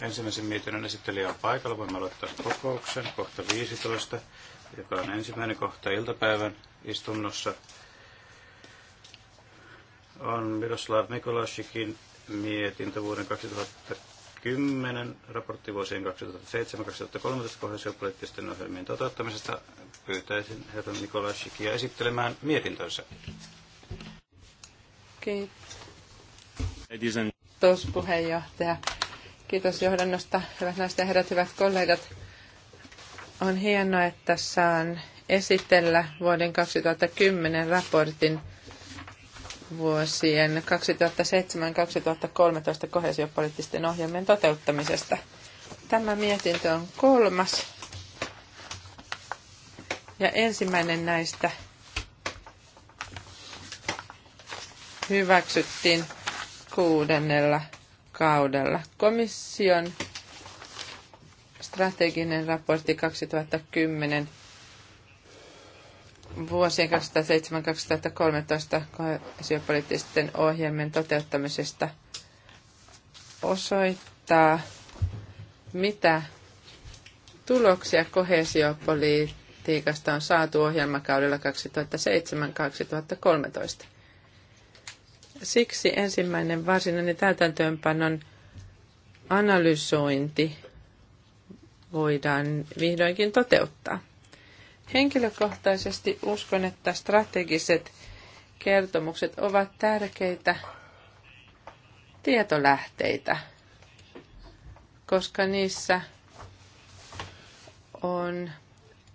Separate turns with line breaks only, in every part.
Ensimmäisen mietinnön esittelijä on paikalla. Voimme aloittaa kokouksen kohta 15, joka on ensimmäinen kohta iltapäivän istunnossa. On Miroslav Mikolashikin mietintö vuoden 2010, raporttivuosien 2007-2013 kohdallisuuspoliittisten ohjelmien toteuttamisesta. Pyytäisin herra Mikolashikia esittelemään mietintönsä. Kiitos Kiitos
puheenjohtaja. Kiitos johdannosta. Hyvät naiset ja herrat, hyvät kollegat. On hienoa, että saan esitellä vuoden 2010 raportin vuosien 2007-2013 kohesiopoliittisten ohjelmien toteuttamisesta. Tämä mietintö on kolmas ja ensimmäinen näistä hyväksyttiin kuudennella kaudella. Komission strateginen raportti 2010 vuosien 2007-2013 kohesiopoliittisten ohjelmien toteuttamisesta osoittaa, mitä tuloksia kohesiopolitiikasta on saatu ohjelmakaudella 2007-2013. Siksi ensimmäinen varsinainen täytäntöönpanon analysointi voidaan vihdoinkin toteuttaa. Henkilökohtaisesti uskon, että strategiset kertomukset ovat tärkeitä tietolähteitä, koska niissä on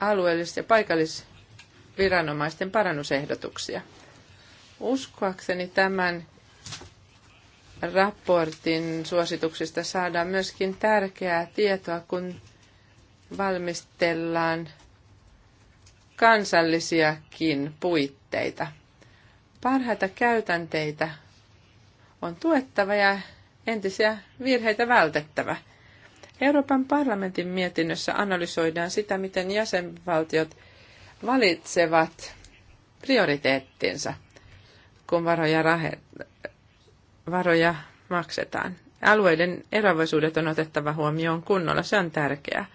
alueellis- ja paikallisviranomaisten parannusehdotuksia. Uskoakseni tämän raportin suosituksista saadaan myöskin tärkeää tietoa, kun valmistellaan kansallisiakin puitteita. Parhaita käytänteitä on tuettava ja entisiä virheitä vältettävä. Euroopan parlamentin mietinnössä analysoidaan sitä, miten jäsenvaltiot valitsevat prioriteettinsa – kun varoja, rahe- varoja maksetaan. Alueiden eroavaisuudet on otettava huomioon kunnolla, se on tärkeää.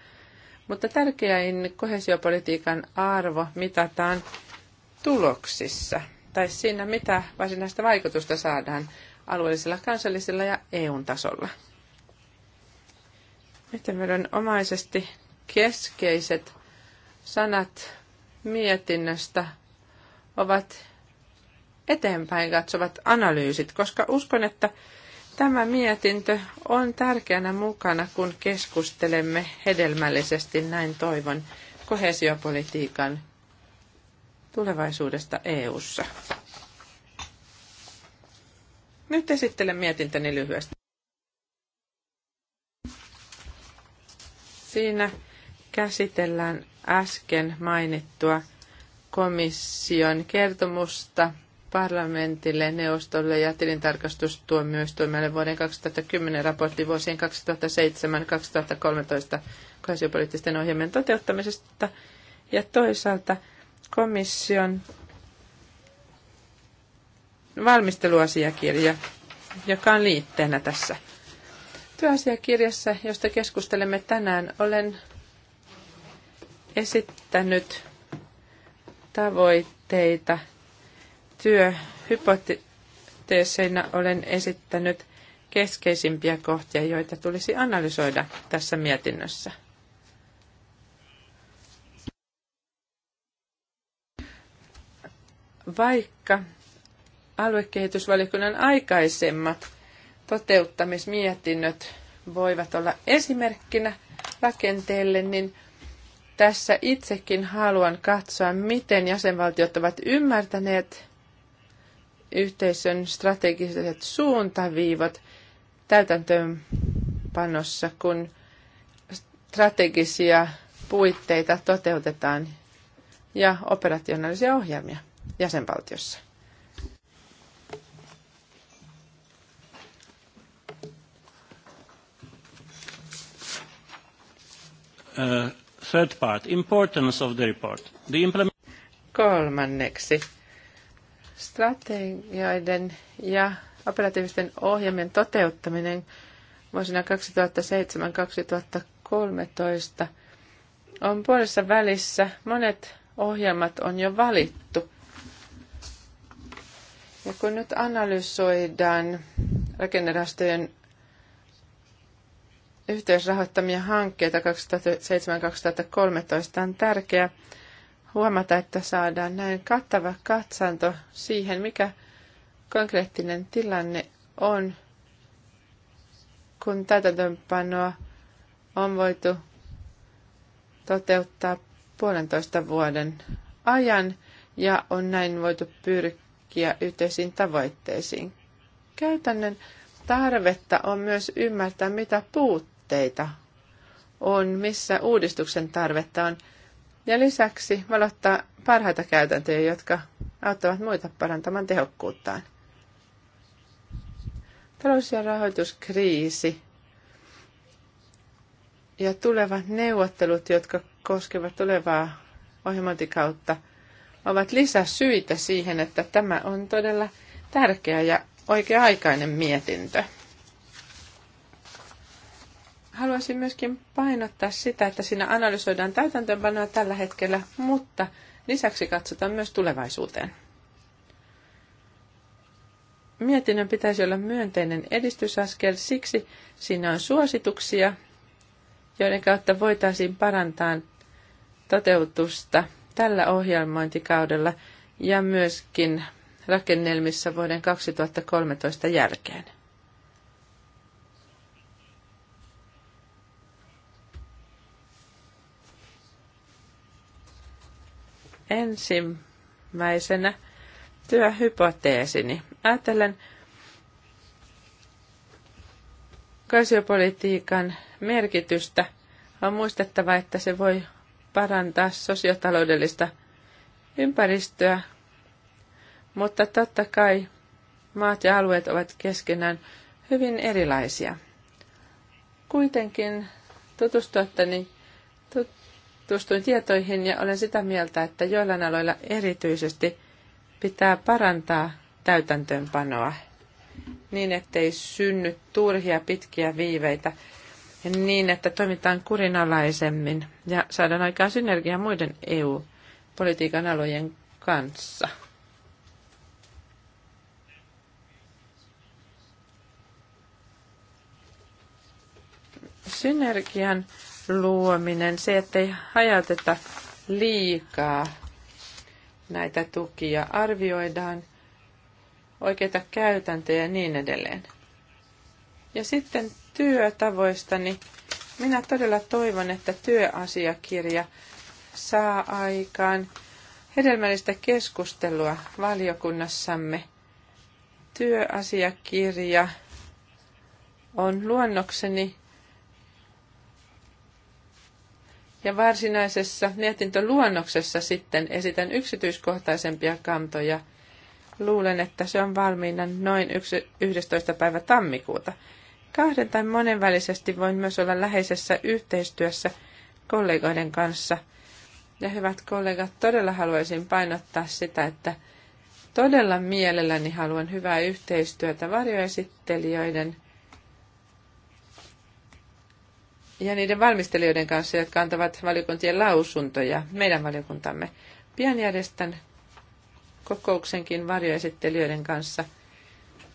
Mutta tärkein kohesiopolitiikan arvo mitataan tuloksissa, tai siinä mitä varsinaista vaikutusta saadaan alueellisella, kansallisella ja eu tasolla. Yhteenvedon omaisesti keskeiset sanat mietinnöstä ovat eteenpäin katsovat analyysit, koska uskon, että tämä mietintö on tärkeänä mukana, kun keskustelemme hedelmällisesti, näin toivon, kohesiopolitiikan tulevaisuudesta EU:ssa. Nyt esittelen mietintäni lyhyesti. Siinä käsitellään äsken mainittua komission kertomusta parlamentille, neuvostolle ja tilintarkastustuomioistuimelle vuoden 2010 raportti vuosien 2007-2013 kansiopoliittisten ohjelmien toteuttamisesta ja toisaalta komission valmisteluasiakirja, joka on liitteenä tässä. Työasiakirjassa, josta keskustelemme tänään, olen esittänyt tavoitteita – työhypoteeseina olen esittänyt keskeisimpiä kohtia, joita tulisi analysoida tässä mietinnössä. Vaikka aluekehitysvaliokunnan aikaisemmat toteuttamismietinnöt voivat olla esimerkkinä rakenteelle, niin tässä itsekin haluan katsoa, miten jäsenvaltiot ovat ymmärtäneet yhteisön strategiset suuntaviivat täytäntöönpanossa, kun strategisia puitteita toteutetaan ja operationaalisia ohjelmia jäsenvaltiossa.
Uh, third part, importance of the report.
The implement- Kolmanneksi, Strategioiden ja operatiivisten ohjelmien toteuttaminen vuosina 2007-2013 on puolessa välissä. Monet ohjelmat on jo valittu. Ja kun nyt analysoidaan rakennerahastojen yhteisrahoittamia hankkeita 2007-2013, on tärkeää, huomata, että saadaan näin kattava katsanto siihen, mikä konkreettinen tilanne on, kun täytäntöönpanoa on voitu toteuttaa puolentoista vuoden ajan ja on näin voitu pyrkiä yhteisiin tavoitteisiin. Käytännön tarvetta on myös ymmärtää, mitä puutteita on, missä uudistuksen tarvetta on – ja lisäksi valottaa parhaita käytäntöjä, jotka auttavat muita parantamaan tehokkuuttaan. Talous- ja rahoituskriisi ja tulevat neuvottelut, jotka koskevat tulevaa ohjelmointikautta, ovat lisäsyitä siihen, että tämä on todella tärkeä ja oikea-aikainen mietintö haluaisin myöskin painottaa sitä, että siinä analysoidaan täytäntöönpanoa tällä hetkellä, mutta lisäksi katsotaan myös tulevaisuuteen. Mietinnön pitäisi olla myönteinen edistysaskel, siksi siinä on suosituksia, joiden kautta voitaisiin parantaa toteutusta tällä ohjelmointikaudella ja myöskin rakennelmissa vuoden 2013 jälkeen. Ensimmäisenä työhypoteesini. Ajattelen kansiopolitiikan merkitystä. On muistettava, että se voi parantaa sosiotaloudellista ympäristöä, mutta totta kai maat ja alueet ovat keskenään hyvin erilaisia. Kuitenkin tutustuttani, tutustuin tietoihin ja olen sitä mieltä, että joillain aloilla erityisesti pitää parantaa täytäntöönpanoa niin, ettei synny turhia pitkiä viiveitä ja niin, että toimitaan kurinalaisemmin ja saadaan aikaan synergia muiden EU-politiikan alojen kanssa. Synergian luominen, se, ettei hajauteta liikaa näitä tukia, arvioidaan oikeita käytäntöjä ja niin edelleen. Ja sitten niin Minä todella toivon, että työasiakirja saa aikaan hedelmällistä keskustelua valiokunnassamme. Työasiakirja on luonnokseni Ja varsinaisessa mietintöluonnoksessa sitten esitän yksityiskohtaisempia kantoja. Luulen, että se on valmiina noin 11. päivä tammikuuta. Kahden tai monenvälisesti voin myös olla läheisessä yhteistyössä kollegoiden kanssa. Ja hyvät kollegat, todella haluaisin painottaa sitä, että todella mielelläni haluan hyvää yhteistyötä varjoesittelijöiden – ja niiden valmistelijoiden kanssa, jotka antavat valiokuntien lausuntoja meidän valiokuntamme. Pian järjestän kokouksenkin varjoesittelijöiden kanssa,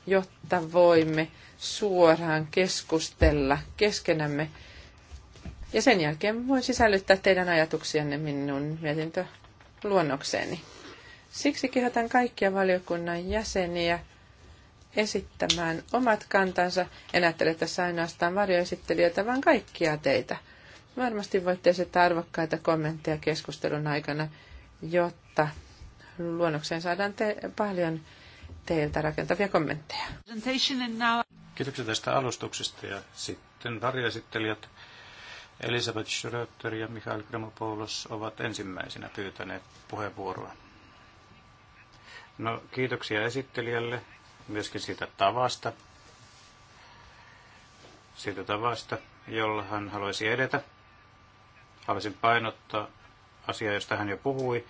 jotta voimme suoraan keskustella keskenämme. Ja sen jälkeen voin sisällyttää teidän ajatuksianne minun mietintöluonnokseeni. Siksi kehotan kaikkia valiokunnan jäseniä – esittämään omat kantansa. En ajattele tässä ainoastaan varjoesittelijöitä, vaan kaikkia teitä. Varmasti voitte esittää arvokkaita kommentteja keskustelun aikana, jotta luonnokseen saadaan te- paljon teiltä rakentavia kommentteja.
Kiitoksia tästä alustuksesta ja sitten varjoesittelijät Elisabeth Schröter ja Mikhail Kremopoulos ovat ensimmäisenä pyytäneet puheenvuoroa. No, kiitoksia esittelijälle myöskin siitä tavasta, siitä tavasta, jolla hän haluaisi edetä. Haluaisin painottaa asiaa, josta hän jo puhui.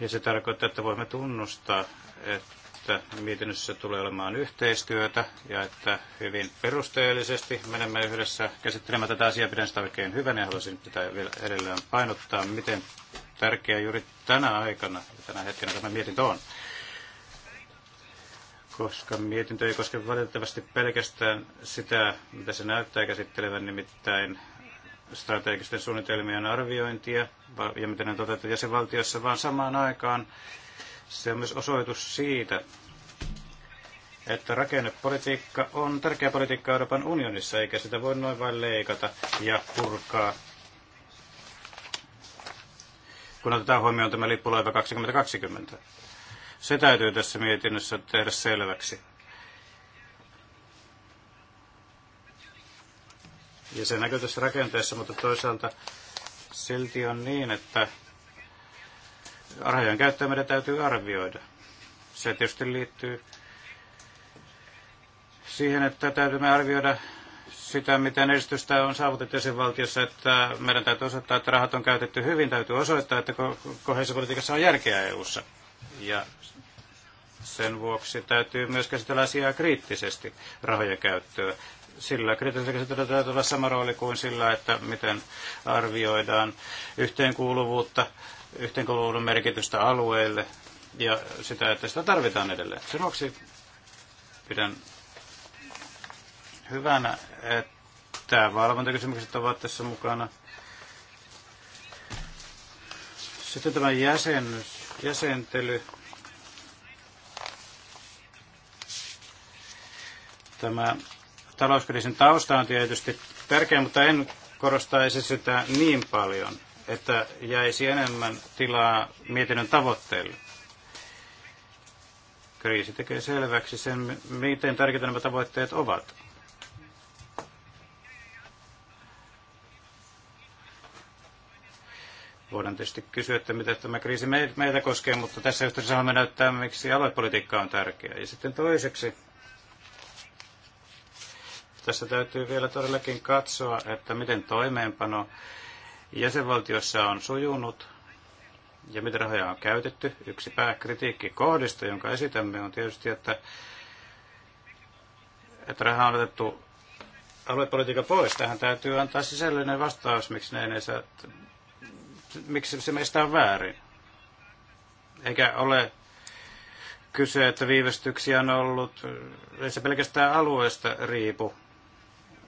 Ja se tarkoittaa, että voimme tunnustaa, että mietinnössä tulee olemaan yhteistyötä ja että hyvin perusteellisesti menemme yhdessä käsittelemään tätä asiaa. Pidän sitä oikein hyvänä ja haluaisin pitää vielä edelleen painottaa, miten tärkeää juuri tänä aikana ja tänä hetkenä tämä mietintö on koska mietintö ei koske valitettavasti pelkästään sitä, mitä se näyttää käsittelevän, nimittäin strategisten suunnitelmien arviointia ja miten ne toteutetaan jäsenvaltiossa, vaan samaan aikaan se on myös osoitus siitä, että rakennepolitiikka on tärkeä politiikka Euroopan unionissa, eikä sitä voi noin vain leikata ja purkaa. Kun otetaan huomioon tämä lippulaiva 2020. Se täytyy tässä mietinnössä tehdä selväksi. Ja se näkyy tässä rakenteessa, mutta toisaalta silti on niin, että rahojen käyttöä meidän täytyy arvioida. Se tietysti liittyy siihen, että täytyy arvioida sitä, miten esitystä on saavutettu jäsenvaltiossa, että meidän täytyy osoittaa, että rahat on käytetty hyvin, täytyy osoittaa, että kohdallisessa politiikassa on järkeä EU-ssa. Ja sen vuoksi täytyy myös käsitellä asiaa kriittisesti rahojen käyttöä. Sillä kriittisellä käsittelyllä täytyy olla sama rooli kuin sillä, että miten arvioidaan yhteenkuuluvuutta, yhteenkuuluvuuden merkitystä alueelle ja sitä, että sitä tarvitaan edelleen. Sen vuoksi pidän hyvänä, että valvontakysymykset ovat tässä mukana. Sitten tämä jäsen, jäsentely Tämä talouskriisin tausta on tietysti tärkeä, mutta en korostaisi sitä niin paljon, että jäisi enemmän tilaa mietinnön tavoitteille. Kriisi tekee selväksi sen, miten tärkeitä nämä tavoitteet ovat. Voidaan tietysti kysyä, että mitä tämä kriisi meitä koskee, mutta tässä yhteydessä haluamme näyttää, miksi aluepolitiikka on tärkeää. Ja sitten toiseksi, tässä täytyy vielä todellakin katsoa, että miten toimeenpano jäsenvaltiossa on sujunut ja miten rahoja on käytetty. Yksi pääkritiikki kohdista, jonka esitämme, on tietysti, että, että raha on otettu aluepolitiikan pois. Tähän täytyy antaa sisällinen vastaus, miksi, ne ei saa, miksi se meistä on väärin. Eikä ole kyse, että viivästyksiä on ollut, ei se pelkästään alueesta riipu,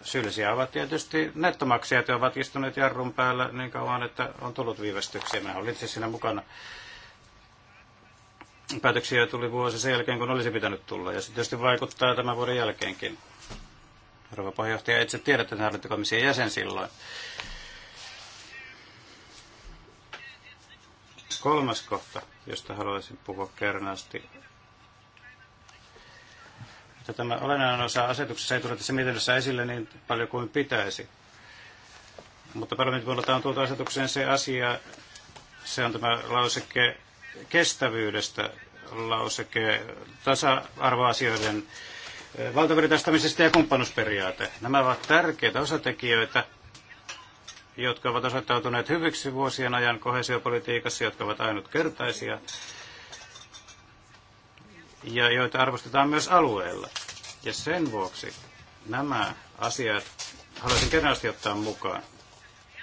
Syyllisiä ovat tietysti nettomaksajat, ovat istuneet jarrun päällä niin kauan, että on tullut viivästyksiä. Mä olin itse siis siinä mukana. Päätöksiä tuli vuosi sen jälkeen, kun olisi pitänyt tulla, ja se tietysti vaikuttaa tämän vuoden jälkeenkin. Rova puheenjohtaja, itse tiedätte, että hallintokomission jäsen silloin. Kolmas kohta, josta haluaisin puhua kernaasti, että tämä olennainen osa asetuksessa ei tule tässä mietinnössä esille niin paljon kuin pitäisi. Mutta parlamentin puolelta on tuota asetukseen se asia, se on tämä lauseke kestävyydestä, lauseke tasa-arvoasioiden valtavirtaistamisesta ja kumppanusperiaate. Nämä ovat tärkeitä osatekijöitä, jotka ovat osoittautuneet hyviksi vuosien ajan kohesiopolitiikassa, jotka ovat ainutkertaisia ja joita arvostetaan myös alueella. Ja sen vuoksi nämä asiat haluaisin kerrallisesti ottaa mukaan.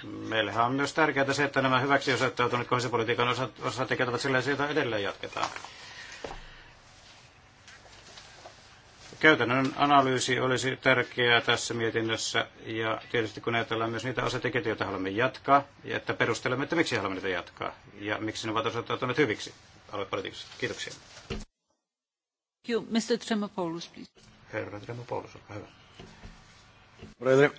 Meillähän on myös tärkeää se, että nämä hyväksi osoittautuneet osat, osatekijät ovat sellaisia, joita edelleen jatketaan. Käytännön analyysi olisi tärkeää tässä mietinnössä ja tietysti kun ajatellaan myös niitä osatekijöitä, joita haluamme jatkaa, ja että perustelemme, että miksi haluamme niitä jatkaa ja miksi ne ovat osoittautuneet hyviksi aluepolitiikassa. Kiitoksia.
You, Mr. Tremopoulos, please.
Herra Tremopoulos, olkaa hyvä. Πρόεδρε,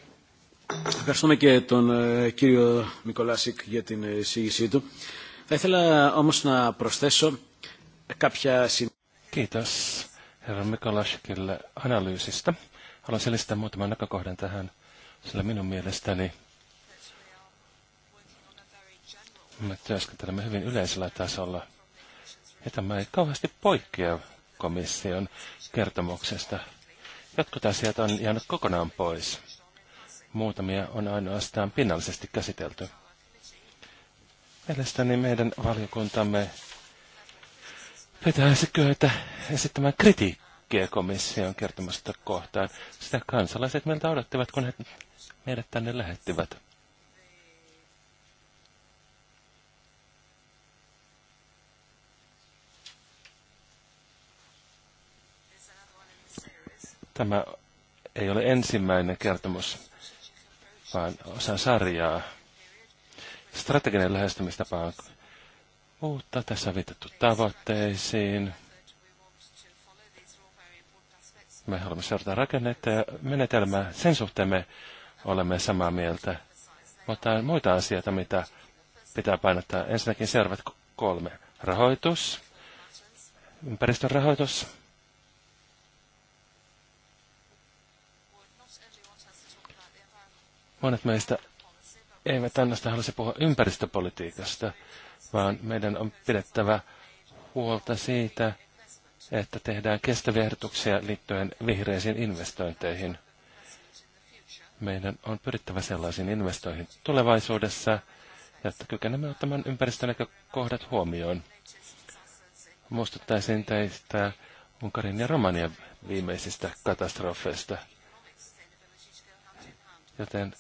ευχαριστούμε και τον κύριο Μικολάσικ για την εισήγησή του. Θα ήθελα όμως να προσθέσω κάποια σημεία.
herra Mikolasikille analyysistä. Haluan selittää muutaman näkökohdan tähän, sillä minun mielestäni me työskentelemme hyvin yleisellä tasolla. Ja tämä ei kauheasti poikkea komission kertomuksesta. Jotkut asiat on jäänyt kokonaan pois. Muutamia on ainoastaan pinnallisesti käsitelty. Mielestäni meidän valiokuntamme pitäisi kyetä esittämään kritiikkiä komission kertomasta kohtaan. Sitä kansalaiset meiltä odottivat, kun he meidät tänne lähettivät. Tämä ei ole ensimmäinen kertomus, vaan osa sarjaa. Strateginen lähestymistapa on uutta. Tässä on viitattu tavoitteisiin. Me haluamme seurata rakennetta ja menetelmää. Sen suhteen me olemme samaa mieltä. Mutta on muita asioita, mitä pitää painottaa. Ensinnäkin seuraavat kolme. Rahoitus, ympäristön rahoitus, Monet meistä eivät ainoastaan halua puhua ympäristöpolitiikasta, vaan meidän on pidettävä huolta siitä, että tehdään kestäviä ehdotuksia liittyen vihreisiin investointeihin. Meidän on pyrittävä sellaisiin investoihin tulevaisuudessa, että kykenemme ottamaan ympäristönäkökohdat huomioon. Muistuttaisin teistä Unkarin ja Romanian viimeisistä katastrofeista. Joten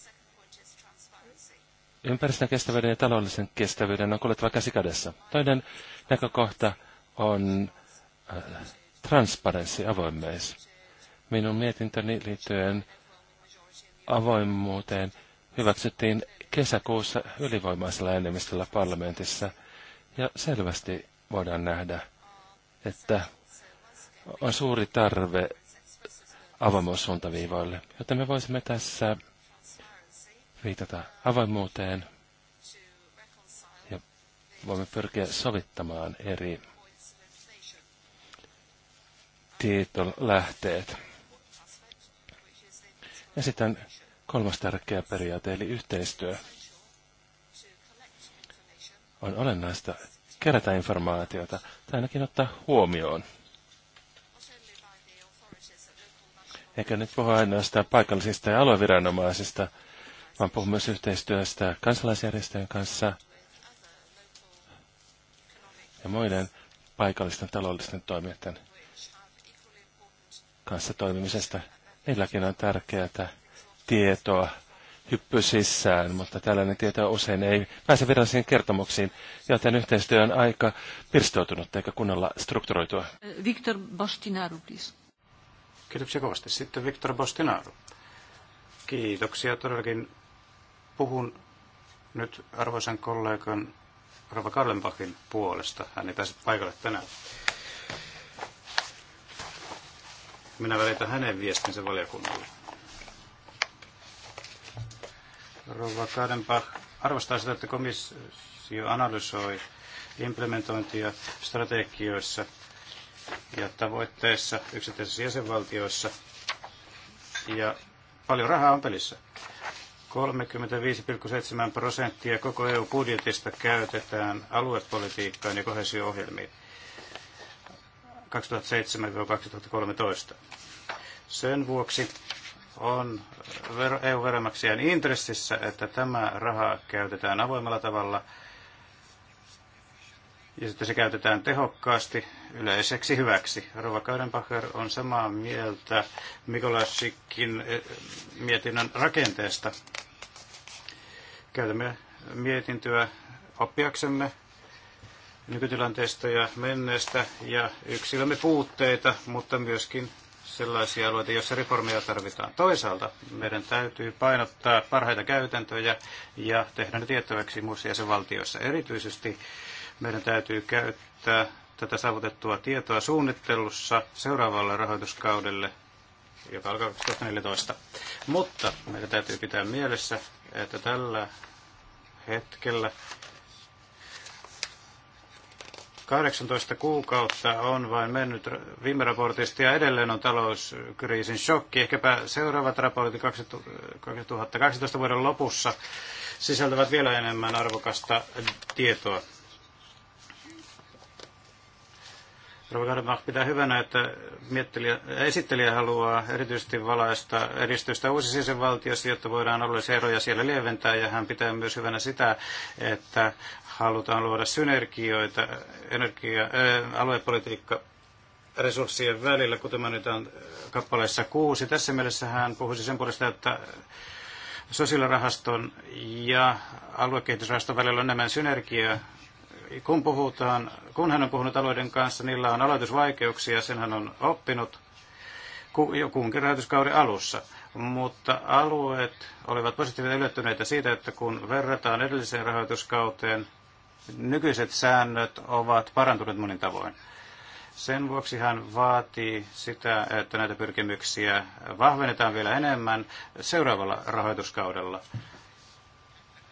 Ympäristön kestävyyden ja taloudellisen kestävyyden on kuljettava käsi kädessä. Toinen näkökohta on äh, transparenssi, avoimeis. Minun mietintöni liittyen avoimuuteen hyväksyttiin kesäkuussa ylivoimaisella enemmistöllä parlamentissa. Ja selvästi voidaan nähdä, että on suuri tarve avoimuussuuntaviivoille, Jotta me voisimme tässä viitata avoimuuteen ja voimme pyrkiä sovittamaan eri tietolähteet. Ja sitten kolmas tärkeä periaate, eli yhteistyö. On olennaista kerätä informaatiota tai ainakin ottaa huomioon. Eikä nyt puhu ainoastaan paikallisista ja alueviranomaisista, vaan puhun myös yhteistyöstä kansalaisjärjestöjen kanssa ja muiden paikallisten taloudellisten toimijoiden kanssa toimimisesta. Niilläkin on tärkeää tietoa hyppy sisään, mutta tällainen tieto usein ei pääse virallisiin kertomuksiin, joten yhteistyö on aika pirstoutunut eikä kunnolla strukturoitua.
Viktor
Bostinaru, please.
Kiitoksia kovasti. Sitten Viktor Bostinaru. Kiitoksia todellakin Puhun nyt arvoisan kollegan Rova Karlenbachin puolesta. Hän ei pääse paikalle tänään. Minä välitän hänen viestinsä valiokunnalle. Rova Karlenbach arvostaa sitä, että komissio analysoi implementointia strategioissa ja tavoitteissa yksittäisissä jäsenvaltioissa. Ja paljon rahaa on pelissä. 35,7 prosenttia koko EU-budjetista käytetään aluepolitiikkaan ja kohesio-ohjelmiin 2007-2013. Sen vuoksi on eu veronmaksajan intressissä, että tämä raha käytetään avoimella tavalla ja sitten se käytetään tehokkaasti yleiseksi hyväksi. Rova Kaudenbacher on samaa mieltä Mikolashikin eh, mietinnön rakenteesta Käytämme mietintöä oppiaksemme nykytilanteesta ja menneestä ja yksilömme puutteita, mutta myöskin sellaisia alueita, joissa reformia tarvitaan. Toisaalta meidän täytyy painottaa parhaita käytäntöjä ja tehdä ne tiettäväksi muissa jäsenvaltioissa. Erityisesti meidän täytyy käyttää tätä saavutettua tietoa suunnittelussa seuraavalle rahoituskaudelle, joka alkaa 2014. Mutta meidän täytyy pitää mielessä, että tällä hetkellä 18 kuukautta on vain mennyt viime raportista ja edelleen on talouskriisin shokki. Ehkäpä seuraavat raportit 2012 vuoden lopussa sisältävät vielä enemmän arvokasta tietoa. Rovagadbach pitää hyvänä, että esittelijä haluaa erityisesti valaista edistystä uusisisen valtiossa, jotta voidaan alueellisia eroja siellä lieventää, ja hän pitää myös hyvänä sitä, että halutaan luoda synergioita energia, ää, äh, aluepolitiikka resurssien välillä, kuten mainitaan kappaleessa kuusi. Tässä mielessä hän puhuisi sen puolesta, että sosiaalirahaston ja aluekehitysrahaston välillä on enemmän synergiaa kun, puhutaan, kun hän on puhunut alueiden kanssa, niillä on aloitusvaikeuksia, sen hän on oppinut jo kunkin rahoituskauden alussa. Mutta alueet olivat positiivisesti yllättyneitä siitä, että kun verrataan edelliseen rahoituskauteen, nykyiset säännöt ovat parantuneet monin tavoin. Sen vuoksi hän vaatii sitä, että näitä pyrkimyksiä vahvennetaan vielä enemmän seuraavalla rahoituskaudella.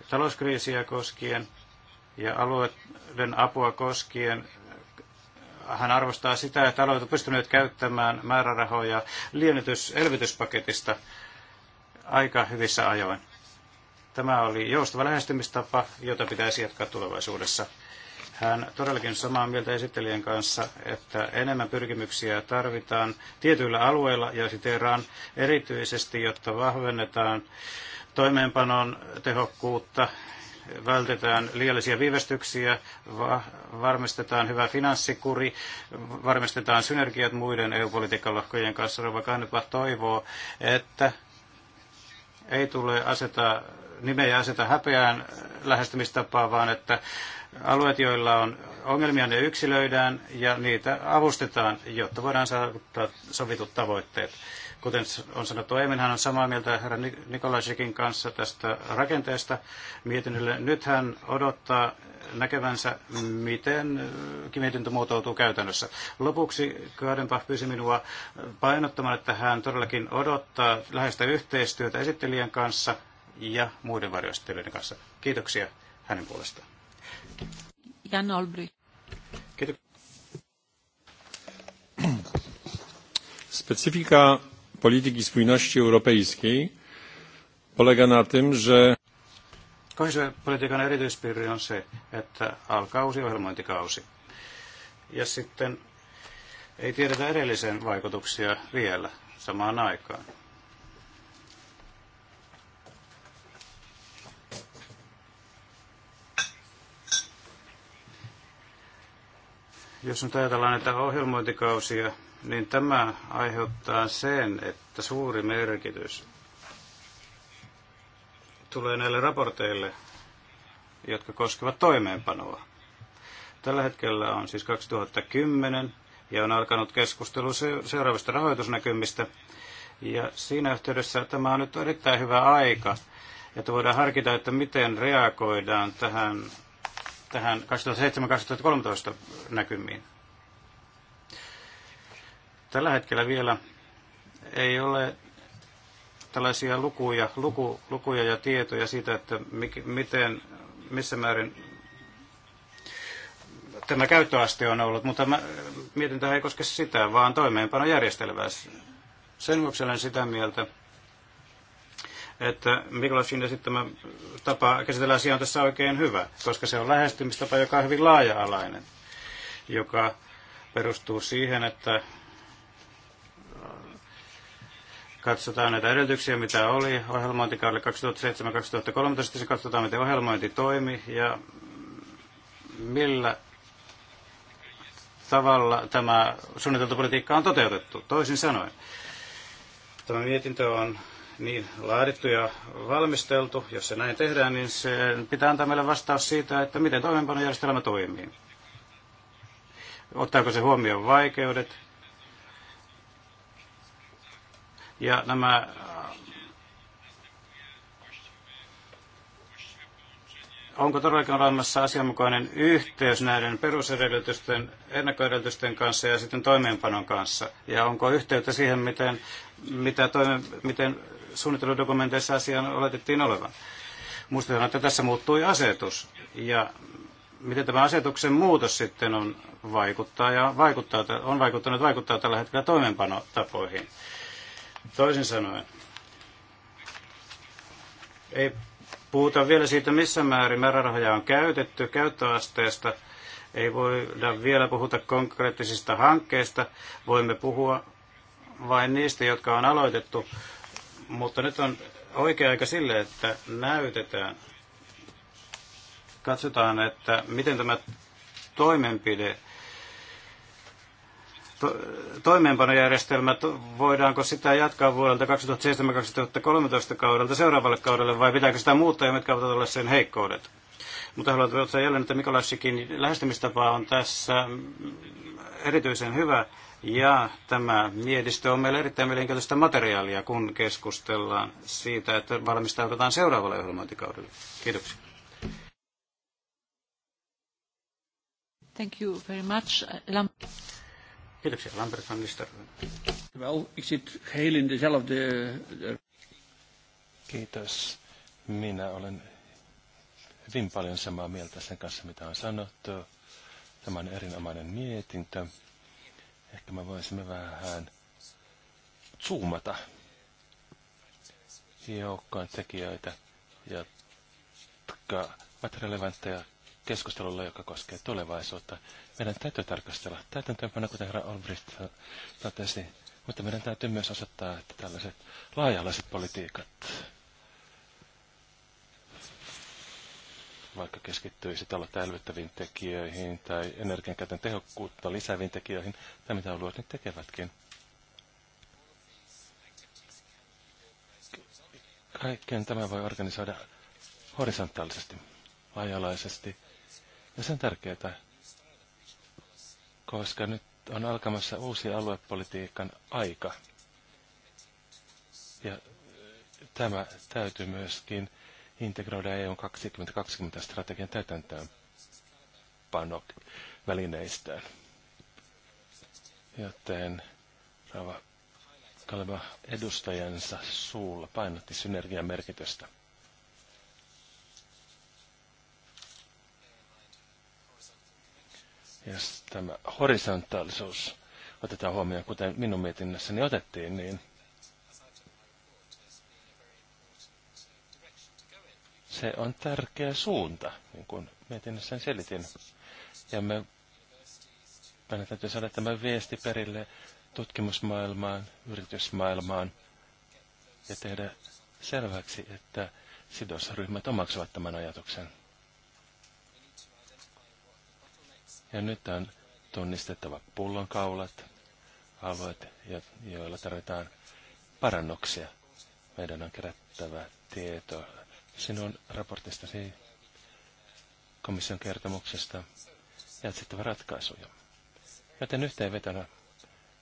Talouskriisiä koskien ja alueiden apua koskien hän arvostaa sitä, että alueet ovat pystyneet käyttämään määrärahoja liennytys elvytyspaketista aika hyvissä ajoin. Tämä oli joustava lähestymistapa, jota pitäisi jatkaa tulevaisuudessa. Hän todellakin samaa mieltä esittelijän kanssa, että enemmän pyrkimyksiä tarvitaan tietyillä alueilla ja siteraan erityisesti, jotta vahvennetaan toimeenpanon tehokkuutta vältetään liiallisia viivästyksiä, varmistetaan hyvä finanssikuri, varmistetaan synergiat muiden EU-politiikan lohkojen kanssa. Rova Kahnetla toivoo, että ei tule aseta, nimeä aseta häpeään lähestymistapaa, vaan että alueet, joilla on ongelmia, ne yksilöidään ja niitä avustetaan, jotta voidaan saavuttaa sovitut tavoitteet. Kuten on sanottu aiemmin, hän on samaa mieltä herra Nikolaisikin kanssa tästä rakenteesta mietinnölle. Nyt hän odottaa näkevänsä, miten äh, mietintö muotoutuu käytännössä. Lopuksi Kaadenpah pyysi minua painottamaan, että hän todellakin odottaa läheistä yhteistyötä esittelijän kanssa ja muiden varjoistelijoiden kanssa. Kiitoksia hänen puolestaan.
Jan Olbry. Kiitoksia
polityki spójności europejskiej polega na tym, że
erityispiirre on se, että alkaa uusi ohjelmointikausi. Ja sitten ei tiedetä edellisen vaikutuksia vielä samaan aikaan. Jos nyt ajatellaan näitä ohjelmointikausia niin tämä aiheuttaa sen, että suuri merkitys tulee näille raporteille, jotka koskevat toimeenpanoa. Tällä hetkellä on siis 2010 ja on alkanut keskustelu seuraavista rahoitusnäkymistä. Ja siinä yhteydessä tämä on nyt erittäin hyvä aika, että voidaan harkita, että miten reagoidaan tähän, tähän 2007-2013 näkymiin. Tällä hetkellä vielä ei ole tällaisia lukuja, luku, lukuja ja tietoja siitä, että mik, miten, missä määrin tämä käyttöaste on ollut, mutta mä, mietintä ei koske sitä, vaan toimeenpanojärjestelmää. Sen vuoksi olen sitä mieltä, että Mikolasin esittämä tapa käsitellä asiaa on tässä oikein hyvä, koska se on lähestymistapa, joka on hyvin laaja-alainen, joka perustuu siihen, että Katsotaan näitä edellytyksiä, mitä oli ohjelmointikaudelle 2007-2013, siis katsotaan, miten ohjelmointi toimi ja millä tavalla tämä suunniteltu politiikka on toteutettu. Toisin sanoen, tämä mietintö on niin laadittu ja valmisteltu, jos se näin tehdään, niin se pitää antaa meille vastaus siitä, että miten toimeenpanojärjestelmä toimii. Ottaako se huomioon vaikeudet, Ja nämä onko todellakin olemassa asianmukainen yhteys näiden perusedellytysten, ennakkoedellytysten kanssa ja sitten toimeenpanon kanssa? Ja onko yhteyttä siihen, miten, mitä toime, miten suunnitteludokumenteissa asian oletettiin olevan? Muistetaan, että tässä muuttui asetus. Ja miten tämä asetuksen muutos sitten on vaikuttaa ja vaikuttaa, on vaikuttanut vaikuttaa tällä hetkellä toimeenpanotapoihin? Toisin sanoen, ei puhuta vielä siitä, missä määrin määrärahoja on käytetty käyttöasteesta. Ei voida vielä puhuta konkreettisista hankkeista. Voimme puhua vain niistä, jotka on aloitettu. Mutta nyt on oikea aika sille, että näytetään, katsotaan, että miten tämä toimenpide to, toimeenpanojärjestelmät, voidaanko sitä jatkaa vuodelta 2007-2013 kaudelta seuraavalle kaudelle vai pitääkö sitä muuttaa ja mitkä ovat olleet sen heikkoudet? Mutta haluan todeta jälleen, että Mikolassikin lähestymistapa on tässä erityisen hyvä ja tämä miedistö on meille erittäin mielenkiintoista materiaalia, kun keskustellaan siitä, että valmistaudutaan seuraavalle ohjelmointikaudelle. Kiitoksia.
Thank you very much.
Kiitoksia Lambert van Wel, ik zit in dezelfde... Eh, eh.
Kiitos. Minä olen hyvin paljon samaa mieltä sen kanssa, mitä on sanottu. Tämä on erinomainen mietintö. Ehkä me voisimme vähän zoomata joukkoon tekijöitä, jotka ovat relevantteja keskustelulla, joka koskee tulevaisuutta. Meidän täytyy tarkastella täytäntöönpano, kuten herra Albrecht totesi, mutta meidän täytyy myös osoittaa, että tällaiset laajalaiset politiikat, vaikka keskittyisi olla täydyttäviin tekijöihin tai energiankäytön tehokkuutta lisääviin tekijöihin, tai mitä alueet nyt niin tekevätkin. Kaikkeen tämä voi organisoida horisontaalisesti, laajalaisesti ja se on tärkeää, koska nyt on alkamassa uusi aluepolitiikan aika. Ja tämä täytyy myöskin integroida EU 2020-strategian täytäntöön panok välineistään. Joten Rava Kaleva edustajansa suulla painotti synergian merkitystä. ja tämä horisontaalisuus otetaan huomioon, kuten minun mietinnässäni otettiin, niin se on tärkeä suunta, niin kuin mietinnässäni selitin. Ja me, meidän täytyy saada tämä viesti perille tutkimusmaailmaan, yritysmaailmaan ja tehdä selväksi, että sidosryhmät omaksuvat tämän ajatuksen. Ja nyt on tunnistettava pullonkaulat, alueet, joilla tarvitaan parannuksia. Meidän on kerättävä tietoa sinun raportistasi komission kertomuksesta ja etsittävä ratkaisuja. Joten yhteenvetona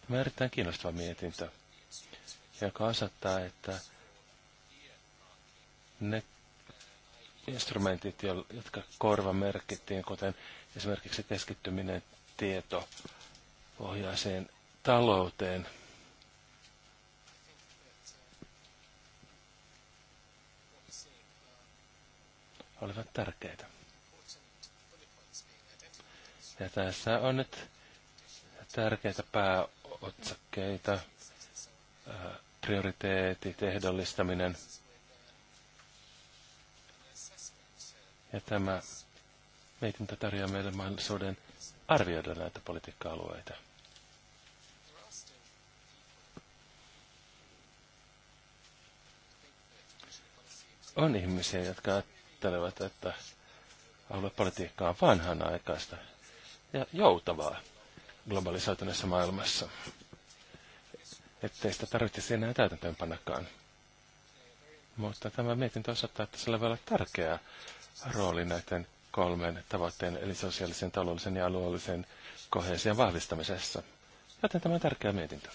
tämä erittäin kiinnostava mietintö, joka osoittaa, että ne instrumentit, jotka korva merkittiin, kuten esimerkiksi keskittyminen tietopohjaiseen talouteen. olivat tärkeitä. Ja tässä on nyt tärkeitä pääotsakkeita, prioriteetit, ehdollistaminen – Ja tämä mietintä tarjoaa meille mahdollisuuden arvioida näitä politiikka-alueita. On ihmisiä, jotka ajattelevat, että aluepolitiikka on vanhanaikaista ja joutavaa globalisoituneessa maailmassa, ettei sitä tarvitsisi enää täytäntöönpannakaan. Mutta tämä mietintö osoittaa, että sillä voi olla tärkeää rooli näiden kolmen tavoitteen, eli sosiaalisen, taloudellisen ja alueellisen koheesian vahvistamisessa. Joten tämä on tärkeä mietintö.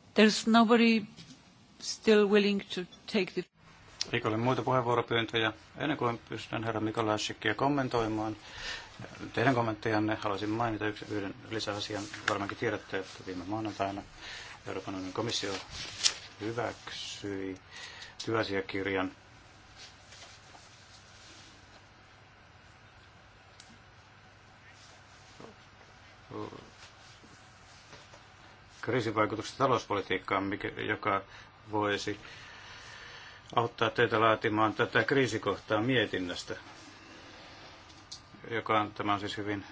There's nobody still willing to take the...
Eikö ole muita puheenvuoropyyntöjä? Ennen kuin pystyn herra Mikolaisikkiä kommentoimaan, teidän kommenttejanne haluaisin mainita yksi, yhden lisäasian. Varmaankin tiedätte, että viime maanantaina Euroopan unionin komissio hyväksyi työasiakirjan kriisivaikutuksesta talouspolitiikkaan, mikä joka voisi auttaa teitä laatimaan tätä kriisikohtaa mietinnästä, joka on, tämä on siis hyvin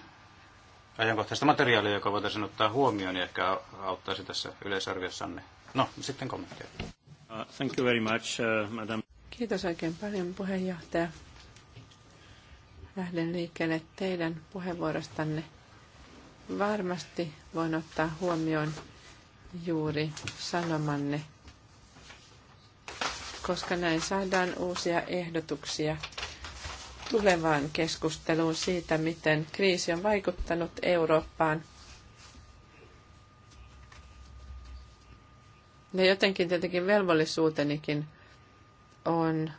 ajankohtaista materiaalia, joka voitaisiin ottaa huomioon ja ehkä auttaisi tässä yleisarviossanne. No, sitten kommentteja. Uh, thank you very much, uh, madam.
Kiitos oikein paljon puheenjohtaja. Lähden liikkeelle teidän puheenvuorostanne. Varmasti voin ottaa huomioon juuri sanomanne, koska näin saadaan uusia ehdotuksia tulevaan keskusteluun siitä, miten kriisi on vaikuttanut Eurooppaan. Ja jotenkin tietenkin velvollisuutenikin on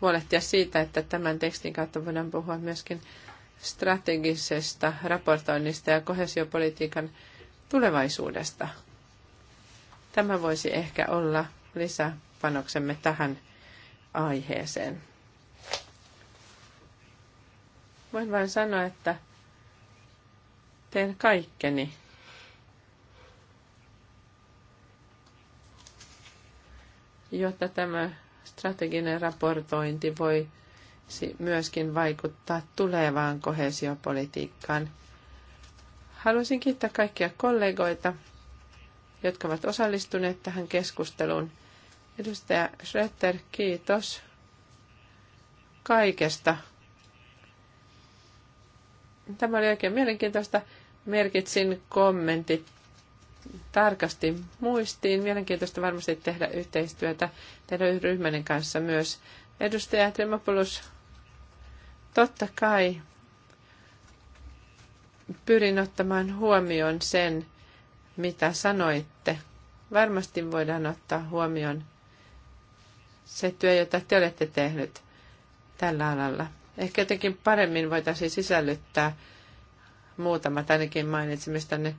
huolehtia siitä, että tämän tekstin kautta voidaan puhua myöskin strategisesta raportoinnista ja kohesiopolitiikan tulevaisuudesta. Tämä voisi ehkä olla lisäpanoksemme tähän aiheeseen. Voin vain sanoa, että teen kaikkeni. jotta tämä strateginen raportointi voi myöskin vaikuttaa tulevaan kohesiopolitiikkaan. Haluaisin kiittää kaikkia kollegoita, jotka ovat osallistuneet tähän keskusteluun. Edustaja Schröter, kiitos kaikesta. Tämä oli oikein mielenkiintoista. Merkitsin kommentit tarkasti muistiin. Mielenkiintoista varmasti tehdä yhteistyötä teidän ryhmänne kanssa myös. Edustaja Trimopoulos, Totta kai pyrin ottamaan huomioon sen, mitä sanoitte. Varmasti voidaan ottaa huomioon se työ, jota te olette tehnyt tällä alalla. Ehkä jotenkin paremmin voitaisiin sisällyttää muutama ainakin mainitsemistanne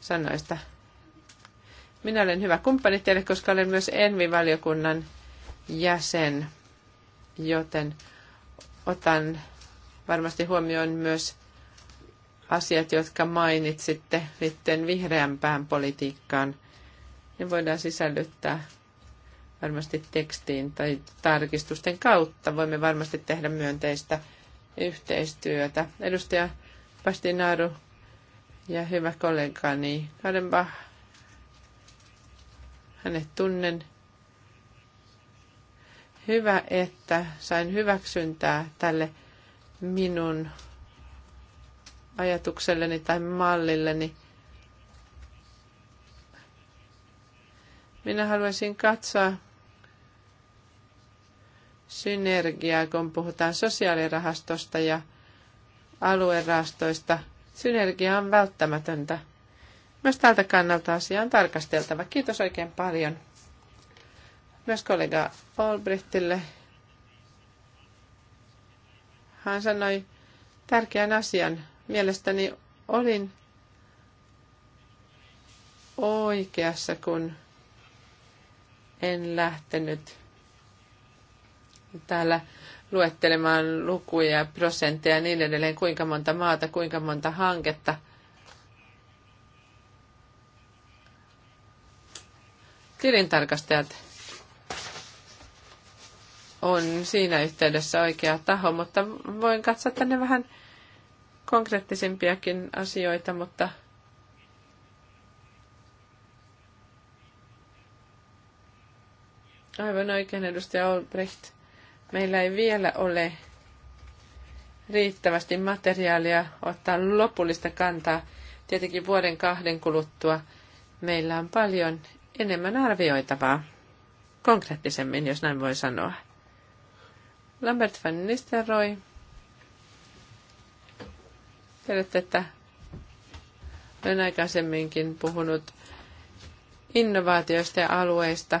sanoista. Minä olen hyvä kumppani teille, koska olen myös Envi-valiokunnan jäsen, joten otan varmasti huomioin myös asiat, jotka mainitsitte sitten vihreämpään politiikkaan. Ne voidaan sisällyttää varmasti tekstiin tai tarkistusten kautta. Voimme varmasti tehdä myönteistä yhteistyötä. Edustaja Pastinaru ja hyvä kollegani Kadenba, hänet tunnen. Hyvä, että sain hyväksyntää tälle minun ajatukselleni tai mallilleni. Minä haluaisin katsoa synergiaa, kun puhutaan sosiaalirahastosta ja aluerahastoista. Synergia on välttämätöntä. Myös tältä kannalta asia on tarkasteltava. Kiitos oikein paljon myös kollega Olbrichtille hän sanoi tärkeän asian. Mielestäni olin oikeassa, kun en lähtenyt täällä luettelemaan lukuja prosentteja ja niin edelleen, kuinka monta maata, kuinka monta hanketta. Tilintarkastajat on siinä yhteydessä oikea taho, mutta voin katsoa tänne vähän konkreettisempiakin asioita, mutta aivan oikein edustaja Olbrecht. Meillä ei vielä ole riittävästi materiaalia ottaa lopullista kantaa. Tietenkin vuoden kahden kuluttua meillä on paljon enemmän arvioitavaa, konkreettisemmin, jos näin voi sanoa. Lambert van Nistelrooy. Tiedätte, että olen aikaisemminkin puhunut innovaatioista ja alueista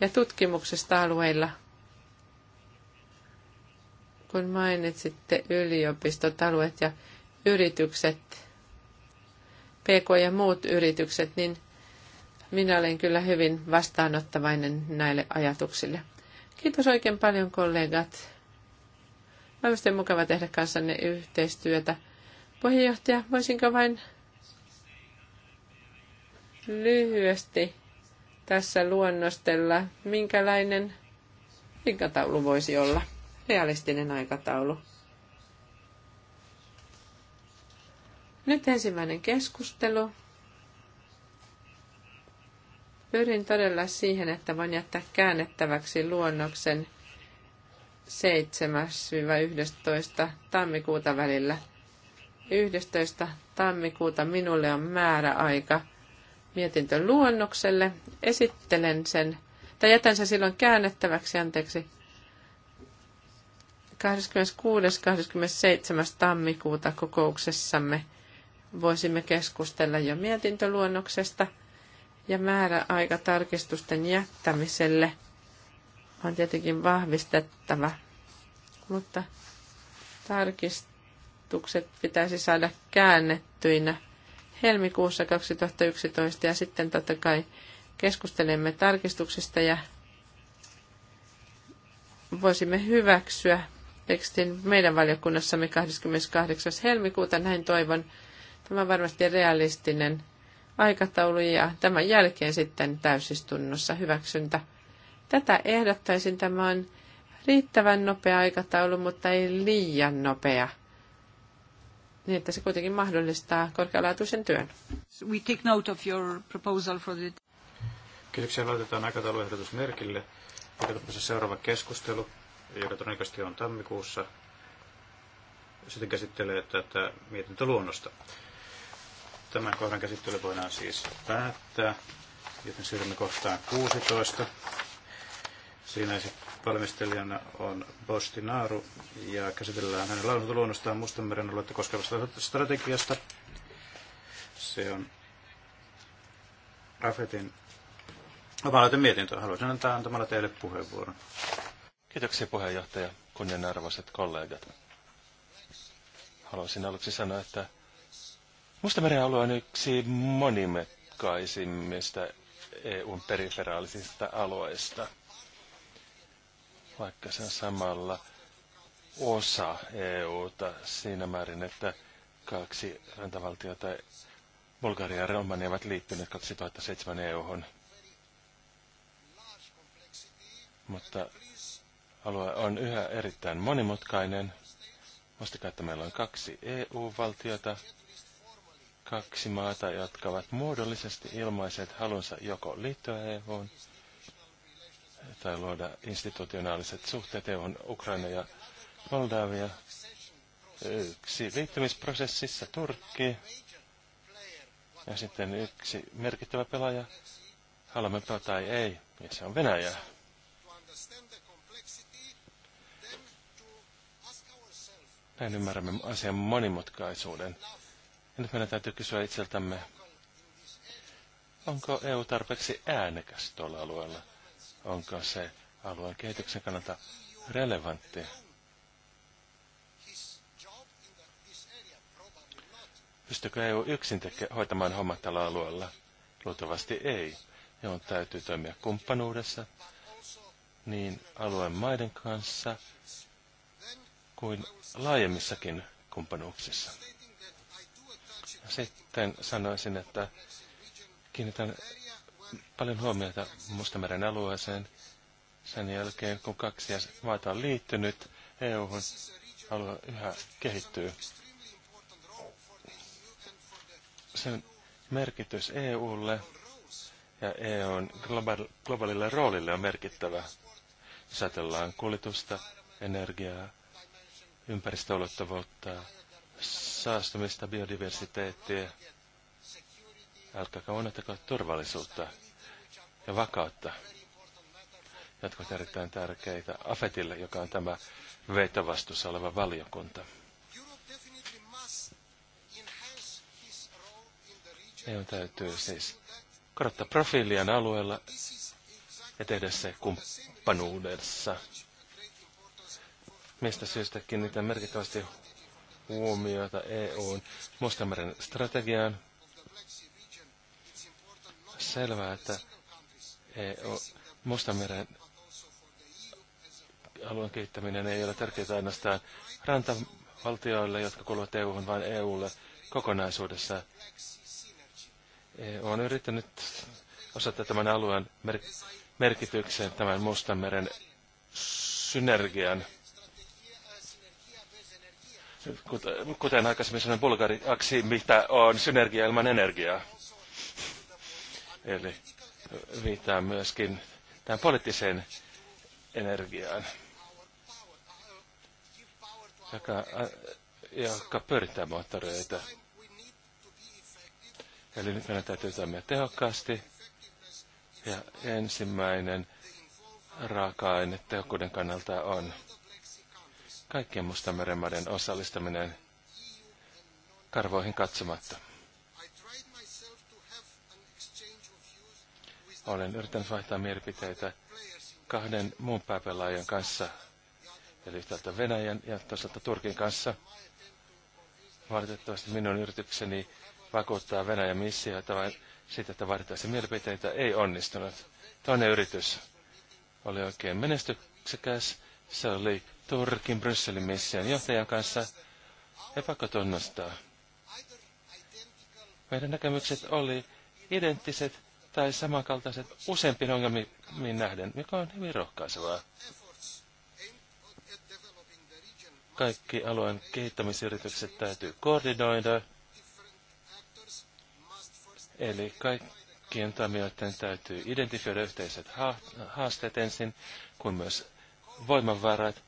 ja tutkimuksesta alueilla. Kun mainitsitte yliopistot, alueet ja yritykset, PK ja muut yritykset, niin minä olen kyllä hyvin vastaanottavainen näille ajatuksille. Kiitos oikein paljon kollegat. Varmasti mukava tehdä kanssanne yhteistyötä. Puheenjohtaja, voisinko vain lyhyesti tässä luonnostella, minkälainen aikataulu voisi olla, realistinen aikataulu. Nyt ensimmäinen keskustelu. Pyrin todella siihen, että voin jättää käännettäväksi luonnoksen 7-11. tammikuuta välillä. 11. tammikuuta minulle on määräaika mietintöluonnokselle. Esittelen sen, tai jätän sen silloin käännettäväksi, anteeksi, 26.–27. tammikuuta kokouksessamme voisimme keskustella jo mietintöluonnoksesta – ja määräaika tarkistusten jättämiselle on tietenkin vahvistettava, mutta tarkistukset pitäisi saada käännettyinä helmikuussa 2011 ja sitten totta kai keskustelemme tarkistuksista ja voisimme hyväksyä tekstin meidän valiokunnassamme 28. helmikuuta, näin toivon. Tämä on varmasti realistinen aikataulu ja tämän jälkeen sitten täysistunnossa hyväksyntä. Tätä ehdottaisin. Tämä on riittävän nopea aikataulu, mutta ei liian nopea. Niin, että se kuitenkin mahdollistaa korkealaatuisen
työn. We take note of your proposal for the...
Kiitoksia. Laitetaan aikatauluehdotus merkille. Joka seuraava keskustelu, joka todennäköisesti on tammikuussa sitten käsittelee tätä mietintöluonnosta. Tämän kohdan käsittely voidaan siis päättää, joten siirrymme kohtaan 16. Siinä valmistelijana on Bosti Naaru ja käsitellään hänen lausuntoluonnostaan Mustanmeren aluetta koskevasta strategiasta. Se on Rafetin Vapaa-aloiteen mietintö. Haluaisin antaa antamalla teille puheenvuoron. Kiitoksia puheenjohtaja, kunnianarvoiset
kollegat. Haluaisin aluksi sanoa, että Mustameren alue on yksi monimekkaisimmista EUn periferaalisista alueista, vaikka se on samalla osa EUta siinä määrin, että kaksi rantavaltiota, Bulgaria ja Romania, ovat liittyneet 2007 EUhun. Mutta alue on yhä erittäin monimutkainen. Muistakaa, että meillä on kaksi EU-valtiota, kaksi maata, jotka ovat muodollisesti ilmaiset halunsa joko liittyä EU:hun tai luoda institutionaaliset suhteet EU:hun Ukraina ja Moldavia. Yksi liittymisprosessissa Turkki ja sitten yksi merkittävä pelaaja, haluammeko tai ei, ja se on Venäjä. Näin ymmärrämme asian monimutkaisuuden. Ja nyt meidän täytyy kysyä itseltämme, onko EU tarpeeksi äänekäs tuolla alueella? Onko se alueen kehityksen kannalta relevantti? Pystykö EU yksin teke- hoitamaan hommat tällä alueella? Luultavasti ei. On täytyy toimia kumppanuudessa niin alueen maiden kanssa kuin laajemmissakin kumppanuuksissa. Sitten sanoisin, että kiinnitän paljon huomiota Mustameren alueeseen. Sen jälkeen, kun kaksi maata on liittynyt EU-hun, alue yhä kehittyy. Sen merkitys EUlle ja EUn globaalille roolille on merkittävä. Jos ajatellaan kuljetusta, energiaa, ympäristöulottuvuutta, saastumista, biodiversiteettiä. Älkääkä unohtako turvallisuutta ja vakautta, jotka ovat erittäin tärkeitä AFETille, joka on tämä veitovastuussa oleva valiokunta. EU täytyy siis korottaa profiilian alueella ja tehdä se kumppanuudessa. Mistä syystäkin niitä merkittävästi huomiota EUn Mustameren strategiaan. Selvää, että EU, Mustameren alueen kehittäminen ei ole tärkeää ainoastaan rantavaltioille, jotka kuuluvat EUhun, vaan EUlle kokonaisuudessa. EU on yrittänyt osoittaa tämän alueen mer- merkityksen tämän Mustameren synergian kuten aikaisemmin sanoin bulgariaksi, mitä on synergia ilman energiaa. Eli viittaa myöskin tämän poliittiseen energiaan, joka, äh, joka pyörittää moottoreita. Eli nyt meidän täytyy toimia tehokkaasti. Ja ensimmäinen raaka-aine tehokkuuden kannalta on kaikkien Mustameren maiden osallistaminen karvoihin katsomatta. Olen yrittänyt vaihtaa mielipiteitä kahden muun pääpelaajan kanssa, eli yhtäältä Venäjän ja toisaalta Turkin kanssa. Valitettavasti minun yritykseni vakuuttaa Venäjän missiota vain siitä, että vaadittaisiin mielipiteitä, ei onnistunut. Toinen yritys oli oikein menestyksekäs. Se oli Torkin Brysselin mission johtajan kanssa ja pakko tunnustaa. Meidän näkemykset oli identtiset tai samankaltaiset useampiin ongelmiin nähden, mikä on hyvin rohkaisevaa. Kaikki alueen kehittämisyritykset täytyy koordinoida, eli kaikkien toimijoiden täytyy identifioida yhteiset haasteet ensin, kuin myös voimavarat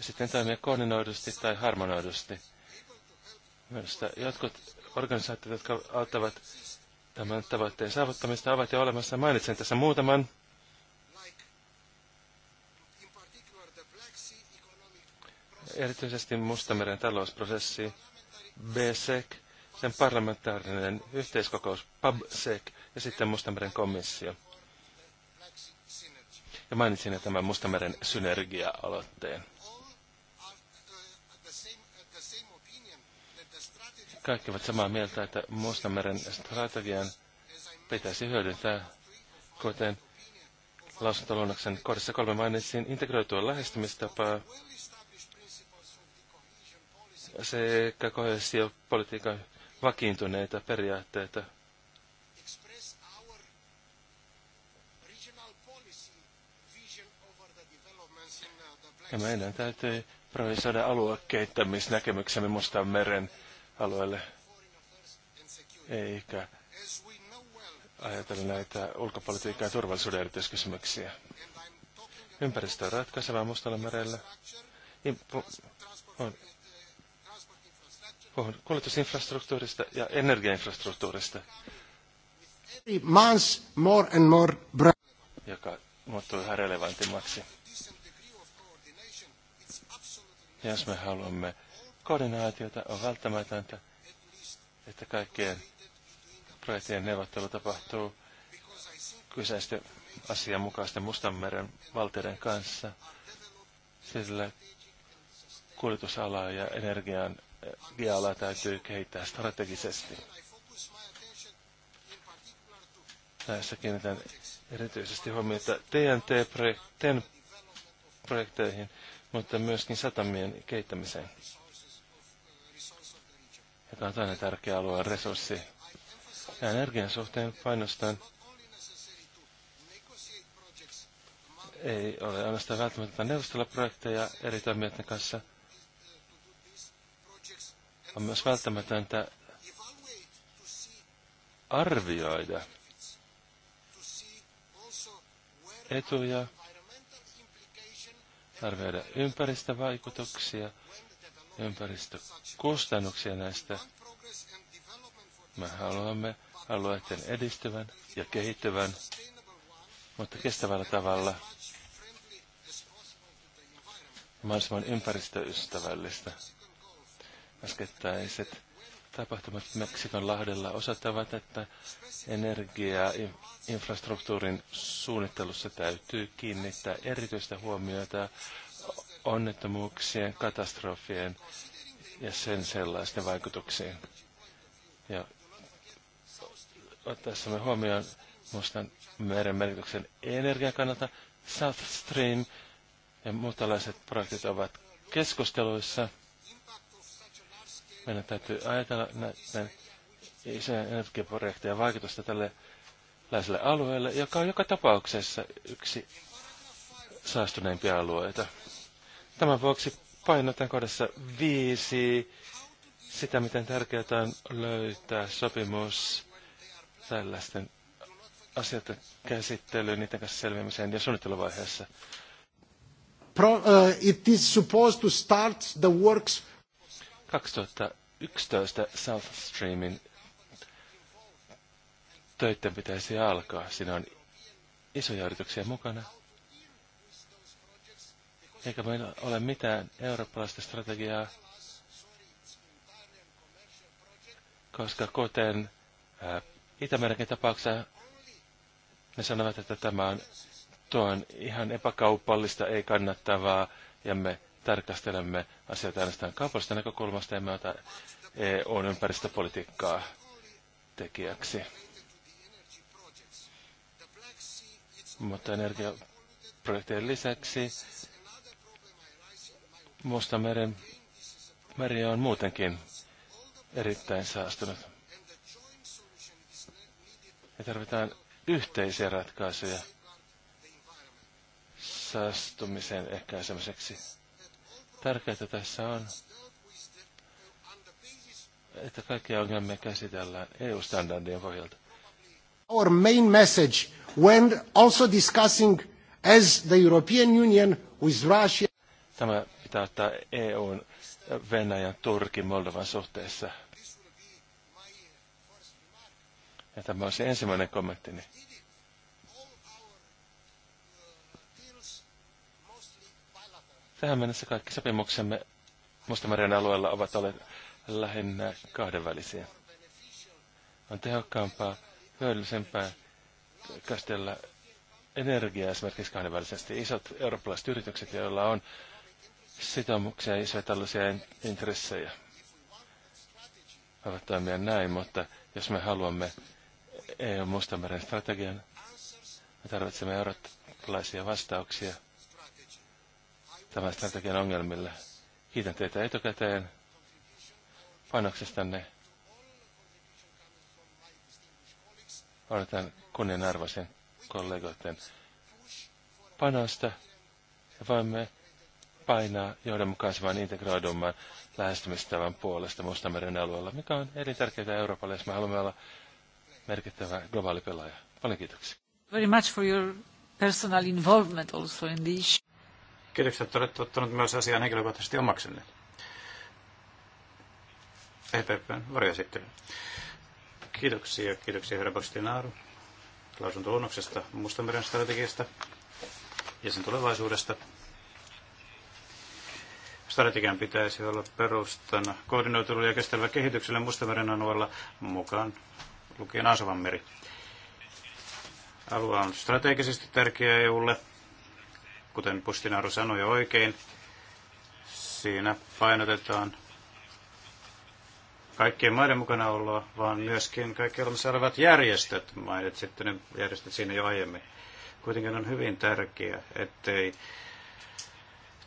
ja sitten toimia koordinoidusti tai harmonoidusti. Mielestäni jotkut organisaatiot, jotka auttavat tämän tavoitteen saavuttamista, ovat jo olemassa. Mainitsen tässä muutaman. Erityisesti Mustameren talousprosessi, BSEC, sen parlamentaarinen yhteiskokous, PABSEC ja sitten Mustameren komissio. Ja mainitsin jo tämän Mustameren synergia-aloitteen. Kaikki ovat samaa mieltä, että Mustanmeren strategian pitäisi hyödyntää, kuten lausuntoluonnoksen kohdassa kolme mainitsin, integroitua lähestymistapaa sekä kohesiopolitiikan vakiintuneita periaatteita. Ja meidän täytyy provisoida aluekehittämisnäkemyksemme Mustan meren alueelle, eikä ajatella näitä ulkopolitiikkaa ja turvallisuuden erityiskysymyksiä. Ympäristö on ratkaisevaa Mustalla merellä. puhun kuljetusinfrastruktuurista ja energiainfrastruktuurista.
more and more
joka muuttuu yhä relevantimmaksi. Jos me haluamme koordinaatiota on välttämätöntä, että kaikkien projektien neuvottelu tapahtuu kyseisten asianmukaisten Mustanmeren valtioiden kanssa, sillä kuljetusalaa ja energian alaa täytyy kehittää strategisesti. Näissä kiinnitän erityisesti huomiota TNT-projekteihin, mutta myöskin satamien kehittämiseen joka on toinen tärkeä alue, resurssi. Ja energian suhteen painostan ei ole ainoastaan välttämättä neuvostella projekteja eri toimijoiden kanssa. On myös välttämätöntä arvioida etuja, arvioida ympäristövaikutuksia, ympäristökustannuksia näistä. Me haluamme alueiden edistyvän ja kehittyvän, mutta kestävällä tavalla mahdollisimman ympäristöystävällistä. Äskettäiset tapahtumat Meksikon lahdella osoittavat, että energia- infrastruktuurin suunnittelussa täytyy kiinnittää erityistä huomiota onnettomuuksien, katastrofien ja sen sellaisten vaikutuksiin. Ja ottaessamme huomioon Mustan meren merkityksen energian kannalta South Stream ja muut tällaiset projektit ovat keskusteluissa. Meidän täytyy ajatella näiden isojen energiaprojektien vaikutusta tälle läiselle alueelle, joka on joka tapauksessa yksi saastuneimpia alueita. Tämän vuoksi painotan kohdassa viisi sitä, miten tärkeää on löytää sopimus tällaisten asioiden käsittelyyn, niiden kanssa selviämiseen ja suunnitteluvaiheessa.
Uh, it is supposed to start the works
2011 South Streamin töiden pitäisi alkaa. Siinä on isoja yrityksiä mukana, eikä meillä ole mitään eurooppalaista strategiaa, koska kuten Itämerenkin tapauksessa ne sanovat, että tämä on, tuo on ihan epäkaupallista, ei kannattavaa, ja me tarkastelemme asioita ainoastaan kaupallisesta näkökulmasta, emme ota EUn ympäristöpolitiikkaa tekijäksi. Mutta energiaprojektien lisäksi meren meri on muutenkin erittäin saastunut. Me tarvitaan yhteisiä ratkaisuja saastumisen ehkäisemiseksi. Tärkeää tässä on, että kaikkia ongelmia käsitellään EU-standardien pohjalta. Our main message when
also discussing as the European Union with Russia.
Tämä pitää ottaa EUn, Venäjän, Turkin, Moldovan suhteessa. Ja tämä on se ensimmäinen kommenttini. Niin- Tähän mennessä kaikki sopimuksemme mustamarian alueella ovat olleet lähinnä kahdenvälisiä. On tehokkaampaa, hyödyllisempää käsitellä energiaa esimerkiksi kahdenvälisesti. Isot eurooppalaiset yritykset, joilla on sitoumuksia ja isoja tällaisia intressejä voivat toimia näin, mutta jos me haluamme EU mustameren strategian, me tarvitsemme eurooppalaisia vastauksia tämän strategian ongelmille. Kiitän teitä etukäteen panoksestanne. Odotan kunnianarvoisen kollegoiden panosta ja voimme painaa johdonmukaisemman integroidumman lähestymistavan puolesta Mustameren alueella, mikä on tärkeää Euroopalle, jos me haluamme olla merkittävä globaali pelaaja. Paljon kiitoksia.
Very much for your personal involvement also in the issue.
Kiitoksia, että olette ottanut myös asian henkilökohtaisesti omaksenne. EPPn varjoesittely. Kiitoksia, kiitoksia herra Bostinaaru lausuntoluonnoksesta Mustameren strategiasta ja sen tulevaisuudesta strategian pitäisi olla perustana koordinoidulla ja kestävällä kehitykselle Mustameren alueella mukaan lukien Aasovan meri. Alue on strategisesti tärkeä EUlle, kuten Pustinaru sanoi oikein. Siinä painotetaan kaikkien maiden mukana olla, vaan myöskin kaikki olemassa olevat järjestöt, mainitsitte ne järjestöt siinä jo aiemmin. Kuitenkin on hyvin tärkeää, ettei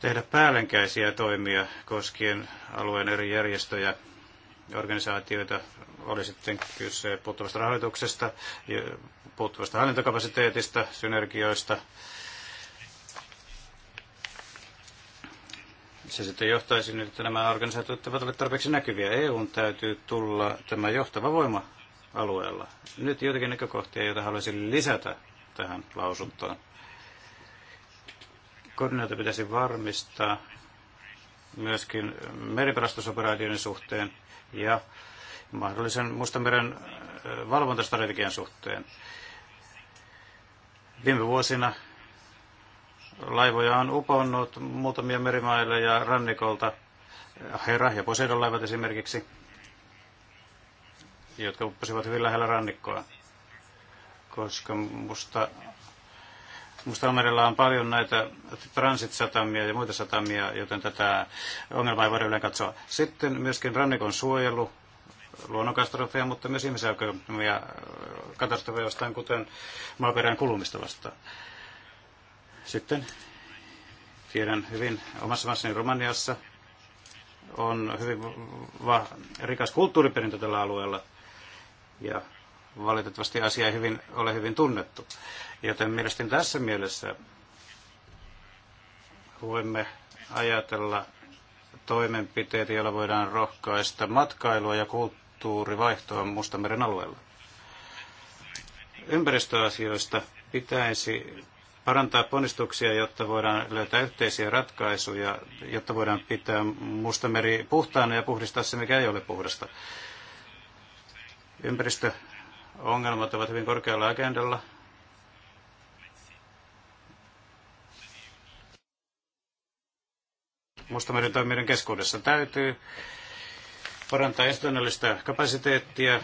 tehdä päällenkäisiä toimia koskien alueen eri järjestöjä organisaatioita, oli sitten kyse puuttuvasta rahoituksesta, puuttuvasta hallintokapasiteetista, synergioista. Se sitten johtaisi nyt, että nämä organisaatiot eivät ole tarpeeksi näkyviä. EUn täytyy tulla tämä johtava voima alueella. Nyt joitakin näkökohtia, joita haluaisin lisätä tähän lausuntoon koordinaatio pitäisi varmistaa myöskin meripelastusoperaatioiden suhteen ja mahdollisen Mustameren valvontastrategian suhteen. Viime vuosina laivoja on uponnut muutamia merimaille ja rannikolta, Herra ja Poseidon laivat esimerkiksi, jotka upposivat hyvin lähellä rannikkoa, koska musta Mustallamerellä on paljon näitä transit-satamia ja muita satamia, joten tätä ongelmaa ei voida yleensä katsoa. Sitten myöskin rannikon suojelu, luonnonkatastrofeja, mutta myös ihmisoikeuksia katastrofeja vastaan, kuten maaperän kulumista vastaan. Sitten tiedän hyvin omassa maassani Romaniassa on hyvin va- rikas kulttuuriperintö tällä alueella. Ja Valitettavasti asia ei hyvin, ole hyvin tunnettu. Joten mielestäni tässä mielessä voimme ajatella toimenpiteitä, joilla voidaan rohkaista matkailua ja kulttuurivaihtoa Mustameren alueella. Ympäristöasioista pitäisi parantaa ponnistuksia, jotta voidaan löytää yhteisiä ratkaisuja, jotta voidaan pitää Mustameri puhtaana ja puhdistaa se, mikä ei ole puhdasta. Ympäristö ongelmat ovat hyvin korkealla agendalla. Mustameren toimijoiden keskuudessa täytyy parantaa institutionaalista kapasiteettia,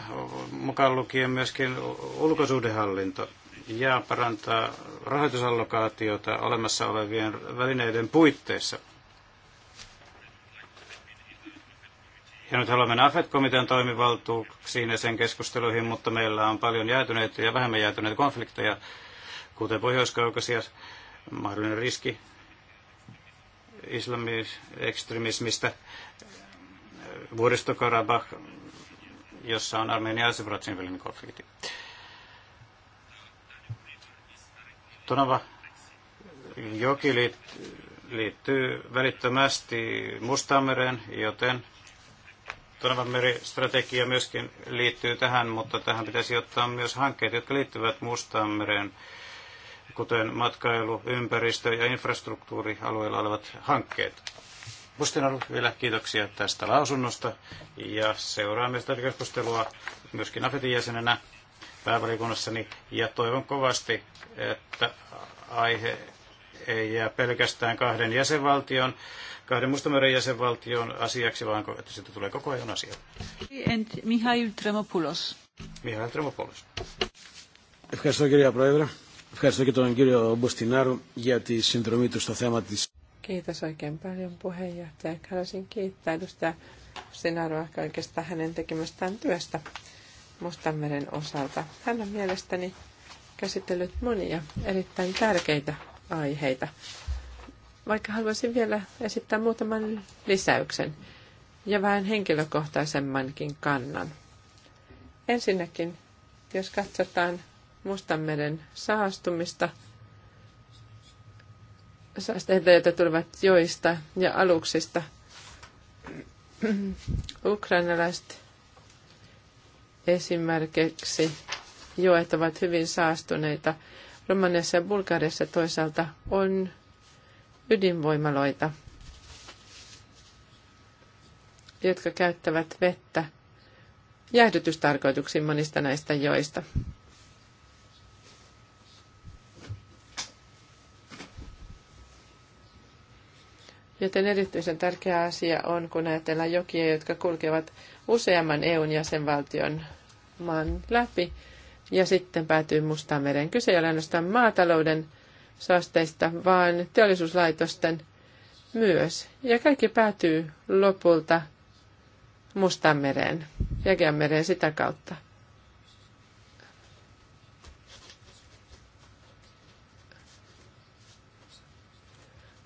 mukaan lukien myöskin ulkosuhdehallinto, ja parantaa rahoitusallokaatiota olemassa olevien välineiden puitteissa. Ja nyt haluamme AFET-komitean toimivaltuuksiin ja sen keskusteluihin, mutta meillä on paljon jäätyneitä ja vähemmän jäätyneitä konflikteja, kuten pohjois mahdollinen riski islami-ekstremismistä, Karabakh, jossa on Armenia ja Azerbaidžanin välinen konflikti. Tonava joki liittyy välittömästi Mustaanmereen, joten Tonavanmeri-strategia myöskin liittyy tähän, mutta tähän pitäisi ottaa myös hankkeet, jotka liittyvät mereen, kuten matkailu, ympäristö- ja infrastruktuurialueilla olevat hankkeet. Mustinal vielä kiitoksia tästä lausunnosta ja seuraamme sitä keskustelua myöskin AFETin jäsenenä päävalikunnassani ja toivon kovasti, että aihe ei jää pelkästään kahden jäsenvaltion kahden Mustameren jäsenvaltion asiaksi, vaan että siitä tulee koko ajan asia.
And Mihail Tremopoulos.
Mihail Tremopoulos.
Kiitos oikein paljon puheenjohtaja. Haluaisin kiittää edustaja Bustinaroa kaikesta hänen tekemästään työstä Mustanmeren osalta. Hän on mielestäni käsitellyt monia erittäin tärkeitä aiheita vaikka haluaisin vielä esittää muutaman lisäyksen ja vähän henkilökohtaisemmankin kannan. Ensinnäkin, jos katsotaan Mustanmeren saastumista, saasteita, joita tulevat joista ja aluksista, ukrainalaiset esimerkiksi joet ovat hyvin saastuneita. Romaniassa ja Bulgariassa toisaalta on ydinvoimaloita, jotka käyttävät vettä jäähdytystarkoituksiin monista näistä joista. Joten erityisen tärkeä asia on, kun ajatellaan jokia, jotka kulkevat useamman EUn jäsenvaltion maan läpi ja sitten päätyy Mustaan mereen. Kyse ei ole ainoastaan maatalouden saasteista, vaan teollisuuslaitosten myös. Ja kaikki päätyy lopulta Mustanmereen, Jägeanmereen sitä kautta.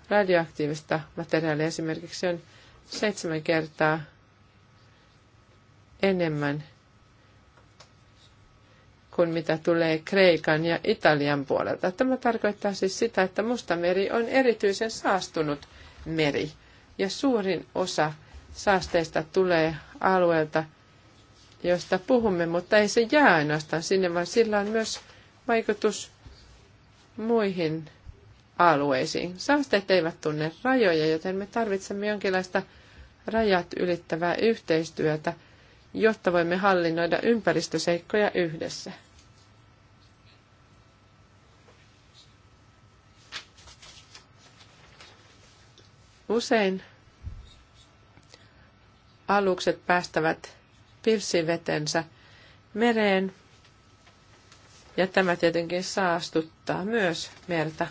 Radioaktiivista materiaalia esimerkiksi on seitsemän kertaa enemmän kuin mitä tulee Kreikan ja Italian puolelta. Tämä tarkoittaa siis sitä, että Mustameri on erityisen saastunut meri ja suurin osa saasteista tulee alueelta, josta puhumme, mutta ei se jää ainoastaan sinne, vaan sillä on myös vaikutus muihin alueisiin. Saasteet eivät tunne rajoja, joten me tarvitsemme jonkinlaista rajat ylittävää yhteistyötä – jotta voimme hallinnoida ympäristöseikkoja yhdessä. Usein alukset päästävät pilsivetensä mereen, ja tämä tietenkin saastuttaa myös merta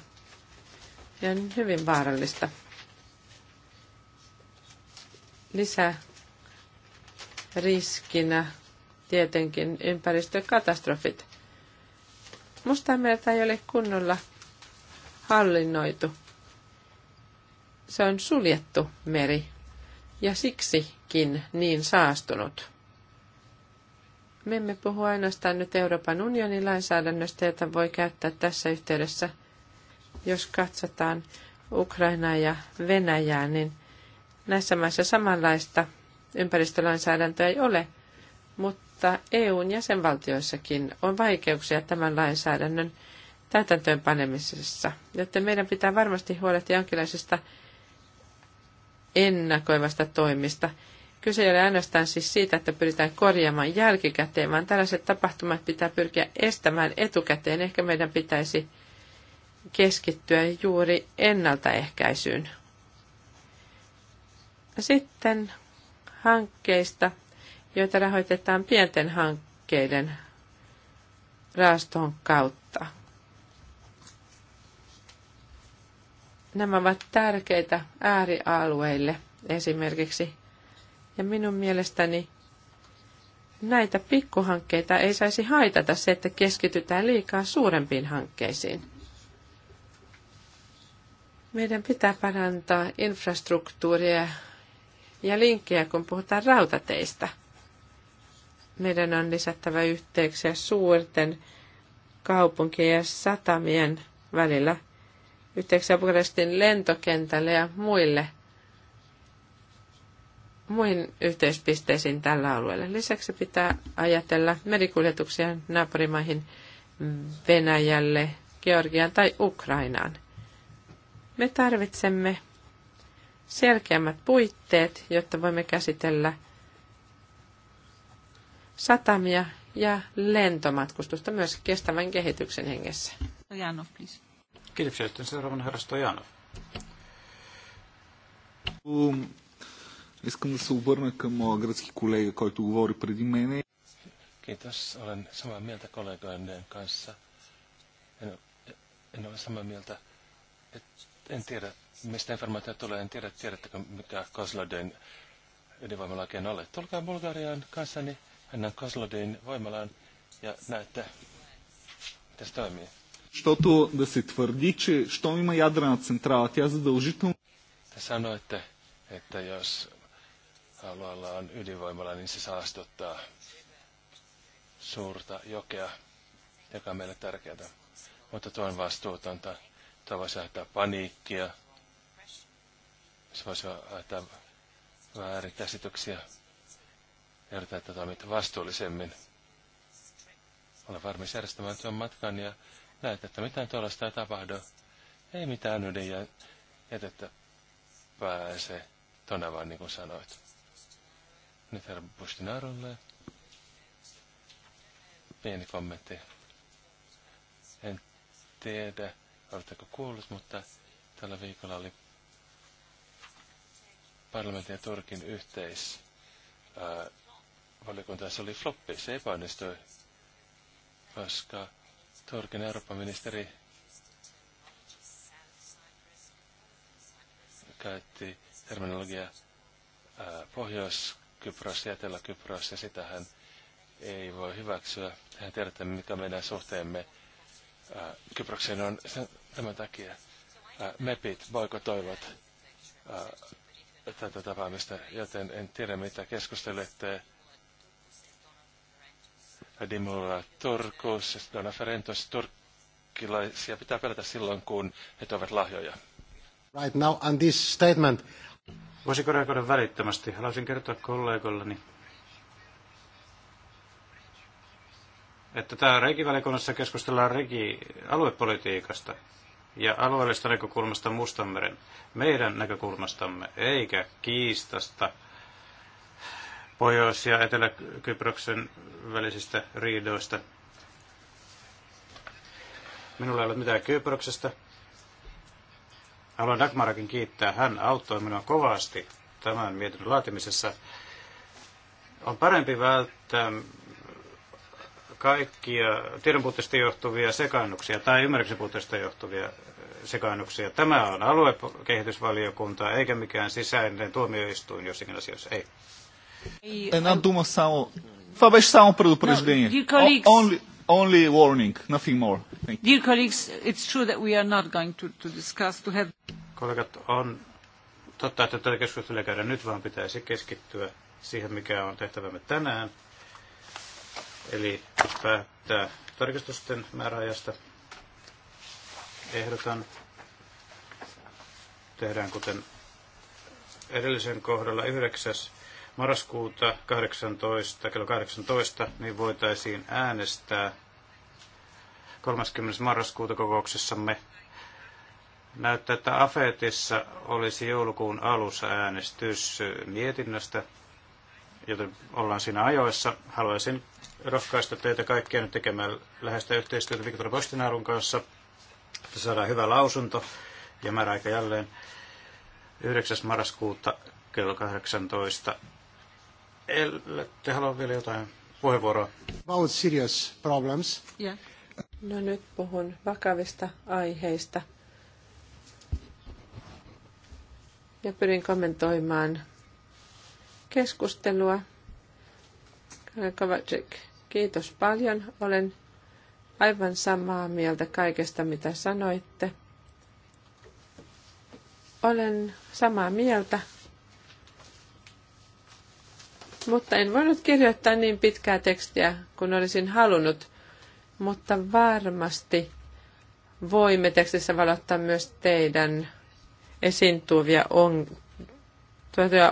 ja on hyvin vaarallista. Lisää riskinä tietenkin ympäristökatastrofit. Musta Mustamerta ei ole kunnolla hallinnoitu. Se on suljettu meri ja siksikin niin saastunut. Me emme puhu ainoastaan nyt Euroopan unionin lainsäädännöstä, jota voi käyttää tässä yhteydessä. Jos katsotaan Ukrainaa ja Venäjää, niin näissä maissa samanlaista ympäristölainsäädäntöä ei ole, mutta EUn jäsenvaltioissakin on vaikeuksia tämän lainsäädännön täytäntöönpanemisessa, joten meidän pitää varmasti huolehtia jonkinlaisesta ennakoivasta toimista. Kyse ei ole ainoastaan siis siitä, että pyritään korjaamaan jälkikäteen, vaan tällaiset tapahtumat pitää pyrkiä estämään etukäteen. Ehkä meidän pitäisi keskittyä juuri ennaltaehkäisyyn. Sitten hankkeista, joita rahoitetaan pienten hankkeiden rahaston kautta. Nämä ovat tärkeitä äärialueille esimerkiksi. Ja minun mielestäni näitä pikkuhankkeita ei saisi haitata se, että keskitytään liikaa suurempiin hankkeisiin. Meidän pitää parantaa infrastruktuuria ja linkkejä, kun puhutaan rautateistä. Meidän on lisättävä yhteyksiä suurten kaupunkien ja satamien välillä, yhteyksiä Bukarestin lentokentälle ja muille muihin yhteispisteisiin tällä alueella. Lisäksi pitää ajatella merikuljetuksia naapurimaihin Venäjälle, Georgiaan tai Ukrainaan. Me tarvitsemme selkeämmät puitteet, jotta voimme käsitellä satamia ja lentomatkustusta myös kestävän kehityksen hengessä. Stojanov, please.
Kiitoksia. että seuraavana herra Stojanov.
Um, Kiitos. Olen samaa mieltä kollegoiden kanssa. En, en ole samaa mieltä. Et, en tiedä, mistä informaatiota tulee, en tiedä, tiedättekö mikä Kozloden ydinvoimala oikein ole. Tulkaa Bulgariaan kanssani, hän on Kozlodin voimalaan ja näette, miten se toimii. Защото да се твърди, че що има ядрена централа, тя задължително... sanoitte, että jos alueella on ydinvoimala, niin se saastuttaa suurta jokea, joka on meille tärkeää. Mutta tuo on vastuutonta. Tuo voi aiheuttaa paniikkia, jos voisi aiheuttaa väärinkäsityksiä. Ehdotan, että toimit vastuullisemmin. Olen varmis järjestämään tuon matkan ja näet, että mitään tuollaista ei tapahdu. Ei mitään ja jätettä pääse tuonne vaan niin kuin sanoit. Nyt herra Bustinarulle. Pieni kommentti. En tiedä, oletteko kuullut, mutta tällä viikolla oli parlamentin ja Turkin yhteis valiokunta, se oli floppi, se epäonnistui, koska Turkin ministeri käytti terminologiaa Pohjois-Kypros ja Etelä-Kypros, ja sitä hän ei voi hyväksyä. Hän tiedätte, mikä meidän suhteemme Kyprokseen on sen, tämän takia. Ää, mepit boikotoivat tätä tapaamista, joten en tiedä mitä keskustelette. Dimola Turkus, Dona Ferentos, turkkilaisia pitää
pelätä silloin, kun he toivat lahjoja. Right now on this statement. Voisiko reagoida välittömästi? Haluaisin kertoa kollegollani, että tämä regivälikunnassa keskustellaan regi aluepolitiikasta ja alueellisesta näkökulmasta Mustanmeren, meidän näkökulmastamme, eikä kiistasta Pohjois- ja Etelä-Kyproksen välisistä riidoista. Minulla ei ole mitään Kyproksesta. Haluan Dagmarakin kiittää. Hän auttoi minua kovasti tämän mietinnön laatimisessa. On parempi välttää kaikkia tiedonpuutteesta johtuvia sekaannuksia tai ymmärryksen puutteesta johtuvia eh, sekaannuksia. Tämä on aluekehitysvaliokunta eikä mikään sisäinen tuomioistuin jossakin asiassa. Ei. Não, Duma, são, talvez são um Only, only warning, nothing more. Thank
you. Dear colleagues, it's true that we are not going to, to discuss, to have...
Kollegat, on totta, että tätä keskustelua käydään nyt, vaan pitäisi keskittyä siihen, mikä on tehtävämme tänään. Eli päättää tarkistusten määräajasta. Ehdotan, tehdään kuten edellisen kohdalla 9. marraskuuta 18, kello 18, niin voitaisiin äänestää 30. marraskuuta kokouksessamme. Näyttää, että Afetissa olisi joulukuun alussa äänestys mietinnöstä, joten ollaan siinä ajoissa. Haluaisin rohkaista teitä kaikkia nyt tekemään läheistä yhteistyötä Viktor Postinaarun kanssa, että saadaan hyvä lausunto ja määräaika jälleen 9. marraskuuta kello 18. te halua vielä jotain puheenvuoroa? About serious problems.
Yeah. No nyt puhun vakavista aiheista. Ja pyrin kommentoimaan keskustelua. Kovacic Kiitos paljon. Olen aivan samaa mieltä kaikesta, mitä sanoitte. Olen samaa mieltä, mutta en voinut kirjoittaa niin pitkää tekstiä kuin olisin halunnut. Mutta varmasti voimme tekstissä valottaa myös teidän esiin tuovia on,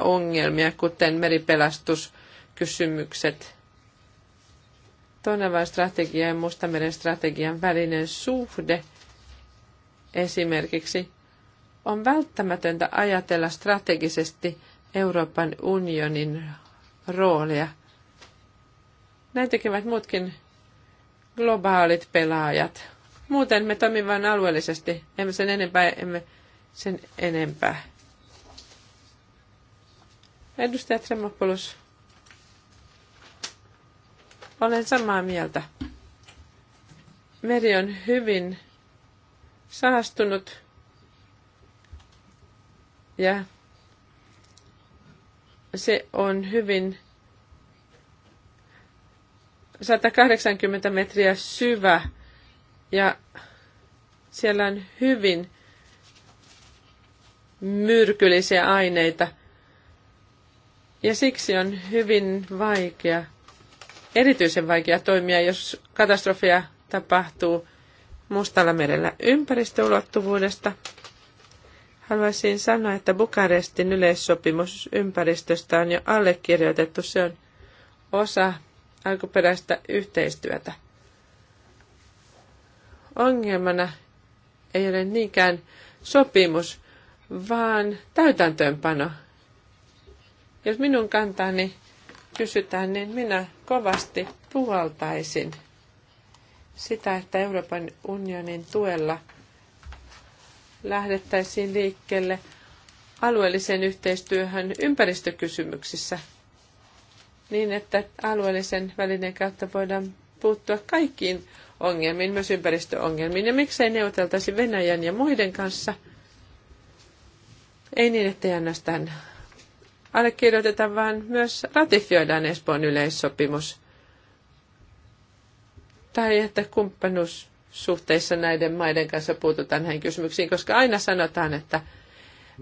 ongelmia, kuten meripelastuskysymykset Tonavan strategian ja Mustameren strategian välinen suhde esimerkiksi on välttämätöntä ajatella strategisesti Euroopan unionin roolia. Näin tekevät muutkin globaalit pelaajat. Muuten me toimimme vain alueellisesti, emme sen enempää, emme sen enempää. Edustaja Tremopoulos olen samaa mieltä. Meri on hyvin saastunut ja se on hyvin 180 metriä syvä ja siellä on hyvin myrkyllisiä aineita. Ja siksi on hyvin vaikea erityisen vaikea toimia, jos katastrofia tapahtuu Mustalla merellä ympäristöulottuvuudesta. Haluaisin sanoa, että Bukarestin yleissopimus ympäristöstä on jo allekirjoitettu. Se on osa alkuperäistä yhteistyötä. Ongelmana ei ole niinkään sopimus, vaan täytäntöönpano. Jos minun kantani kysytään, niin minä kovasti puhaltaisin sitä, että Euroopan unionin tuella lähdettäisiin liikkeelle alueelliseen yhteistyöhön ympäristökysymyksissä niin, että alueellisen välineen kautta voidaan puuttua kaikkiin ongelmiin, myös ympäristöongelmiin. Ja miksei neuvoteltaisi Venäjän ja muiden kanssa? Ei niin, että ainoastaan allekirjoiteta, vaan myös ratifioidaan Espoon yleissopimus. Tai että kumppanuussuhteissa näiden maiden kanssa puututaan näihin kysymyksiin, koska aina sanotaan, että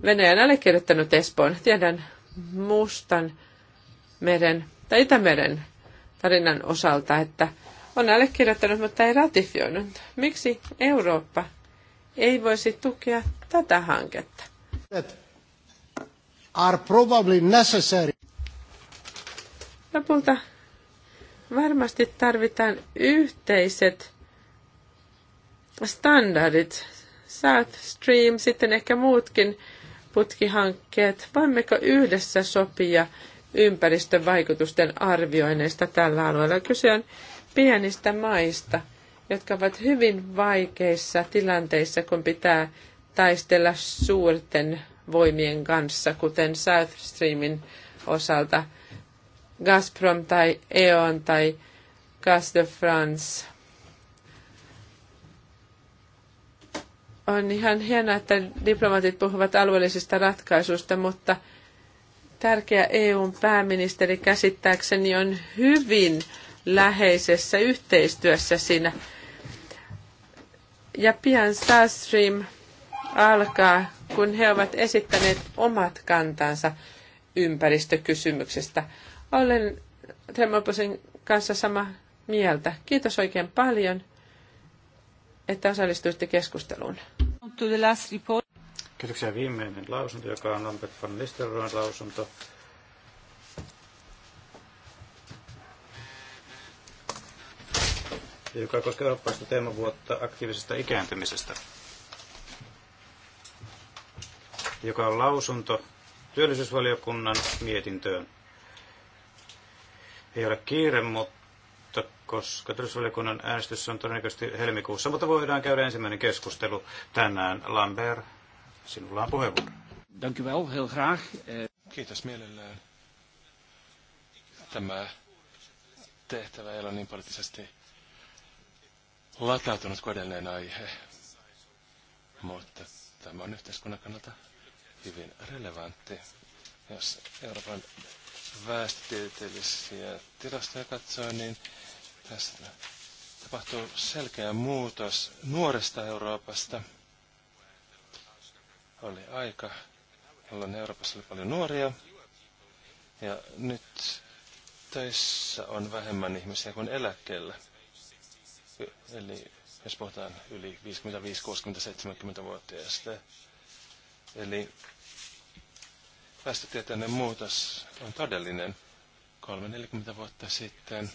Venäjä on allekirjoittanut Espoon. Tiedän Mustan meren tai Itämeren tarinan osalta, että on allekirjoittanut, mutta ei ratifioinut. Miksi Eurooppa ei voisi tukea tätä hanketta? are
probably necessary.
Lopulta varmasti tarvitaan yhteiset standardit, South Stream, sitten ehkä muutkin putkihankkeet. Voimmeko yhdessä sopia ympäristövaikutusten arvioinneista tällä alueella? Kyse on pienistä maista, jotka ovat hyvin vaikeissa tilanteissa, kun pitää taistella suurten voimien kanssa, kuten South Streamin osalta Gazprom tai E.ON tai Gas de France. On ihan hienoa, että diplomaatit puhuvat alueellisista ratkaisuista, mutta tärkeä EUn pääministeri käsittääkseni on hyvin läheisessä yhteistyössä siinä. Ja pian South Stream alkaa kun he ovat esittäneet omat kantansa ympäristökysymyksestä. Olen Tremoposen kanssa sama mieltä. Kiitos oikein paljon, että osallistuitte keskusteluun.
Kiitoksia. Viimeinen lausunto, joka on Lambert van Nistelrooyn lausunto. joka koskee eurooppalaista teemavuotta aktiivisesta ikääntymisestä joka on lausunto työllisyysvaliokunnan mietintöön. Ei ole kiire, mutta koska työllisyysvaliokunnan äänestys on todennäköisesti helmikuussa, mutta voidaan käydä ensimmäinen keskustelu tänään. Lambert, sinulla on puheenvuoro. Dank u wel, heel graag. Eh, Kiitos mielellään. Tämä tehtävä
ei ole niin poliittisesti latautunut kuin aihe, mutta tämä on yhteiskunnan kannalta hyvin relevantti. Jos Euroopan väestötieteellisiä tilastoja katsoo, niin tässä tapahtuu selkeä muutos nuoresta Euroopasta. Oli aika, jolloin Euroopassa oli paljon nuoria, ja nyt töissä on vähemmän ihmisiä kuin eläkkeellä. Eli jos puhutaan yli 55, 60, 70-vuotiaista. Eli väestötietoinen muutos on todellinen. 340 vuotta sitten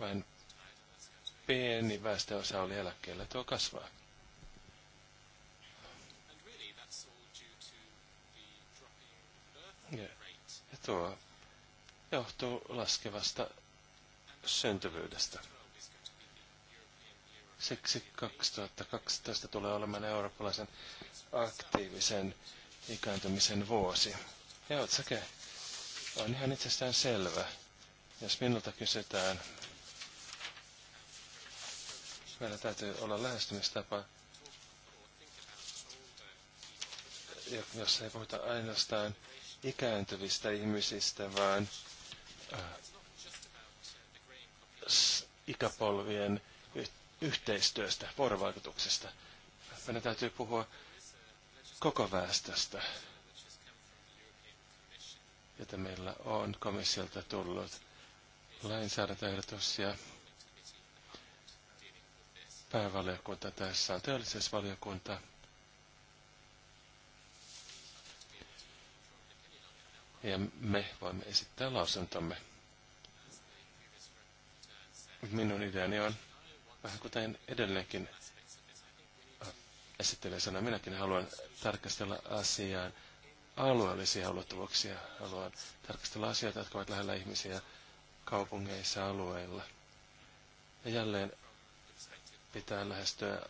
vain pieni väestöosa oli eläkkeellä. Tuo kasvaa. Ja, ja tuo johtuu laskevasta syntyvyydestä. Siksi 2012 tulee olemaan eurooppalaisen aktiivisen ikääntymisen vuosi. Ja otsake on ihan itsestään selvä. Jos minulta kysytään, meillä täytyy olla lähestymistapa, jossa ei puhuta ainoastaan ikääntyvistä ihmisistä, vaan äh, ikäpolvien yhteistyöstä, vuorovaikutuksesta. Meidän täytyy puhua koko väestöstä, jota meillä on komissiolta tullut lainsäädäntöehdotus ja päävaliokunta tässä on teollisuusvaliokunta. Ja me voimme esittää lausuntomme. Minun ideani on, vähän kuten edelleenkin esittelee sanoi, minäkin haluan tarkastella asiaan alueellisia ulottuvuuksia. Haluan tarkastella asioita, jotka ovat lähellä ihmisiä kaupungeissa, alueilla. Ja jälleen pitää lähestyä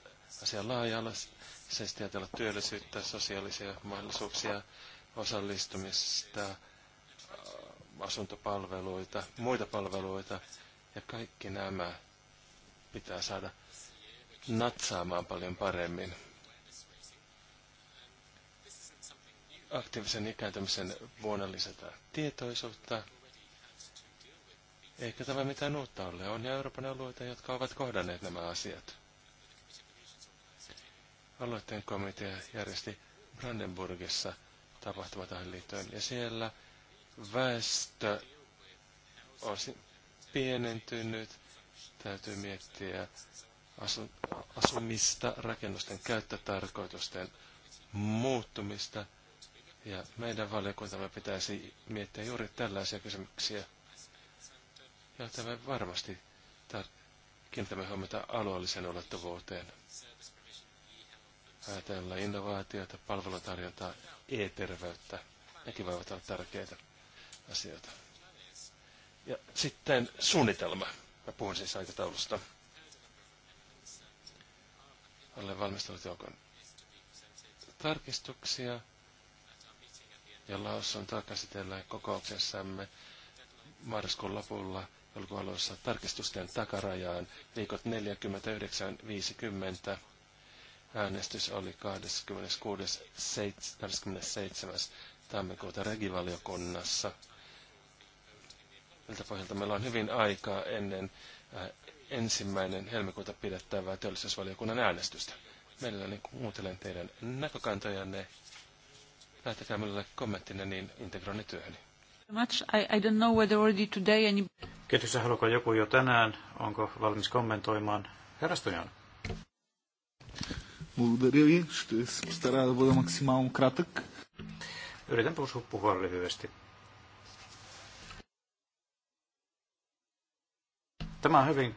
asiaa laaja-alaisesti, ajatella työllisyyttä, sosiaalisia mahdollisuuksia, osallistumista, asuntopalveluita, muita palveluita. Ja kaikki nämä pitää saada natsaamaan paljon paremmin. aktiivisen ikääntymisen vuonna lisätä tietoisuutta. Eikä tämä mitään uutta ole. On jo Euroopan alueita, jotka ovat kohdanneet nämä asiat. Aloitteen komitea järjesti Brandenburgissa tapahtuma tähän liittyen, ja siellä väestö on pienentynyt. Täytyy miettiä asu, asumista, rakennusten käyttötarkoitusten muuttumista – ja meidän valiokuntamme pitäisi miettiä juuri tällaisia kysymyksiä, joita me varmasti kiinnitämme huomiota alueelliseen ulottuvuuteen. Ajatellaan innovaatioita, palvelutarjontaa, e-terveyttä. Nekin voivat olla tärkeitä asioita. Ja sitten suunnitelma. Mä puhun siis aikataulusta. Olen valmistellut joukon tarkistuksia ja on käsitellään kokouksessamme marraskuun lopulla joulukuun alussa tarkistusten takarajaan viikot 49-50. Äänestys oli 26. tammikuuta regivaliokunnassa. Tältä pohjalta meillä on hyvin aikaa ennen äh, ensimmäinen helmikuuta pidettävää teollisuusvaliokunnan äänestystä. Mielelläni kuuntelen teidän näkökantojanne
Lähettäkää minulle kommenttinne, niin integroin ne työhöni.
Much. I, I don't know whether already today any...
Kiitoksia. Haluaako joku jo tänään? Onko valmis kommentoimaan? Herra Stojan. Yritän puhua, puhua lyhyesti. Tämä on hyvin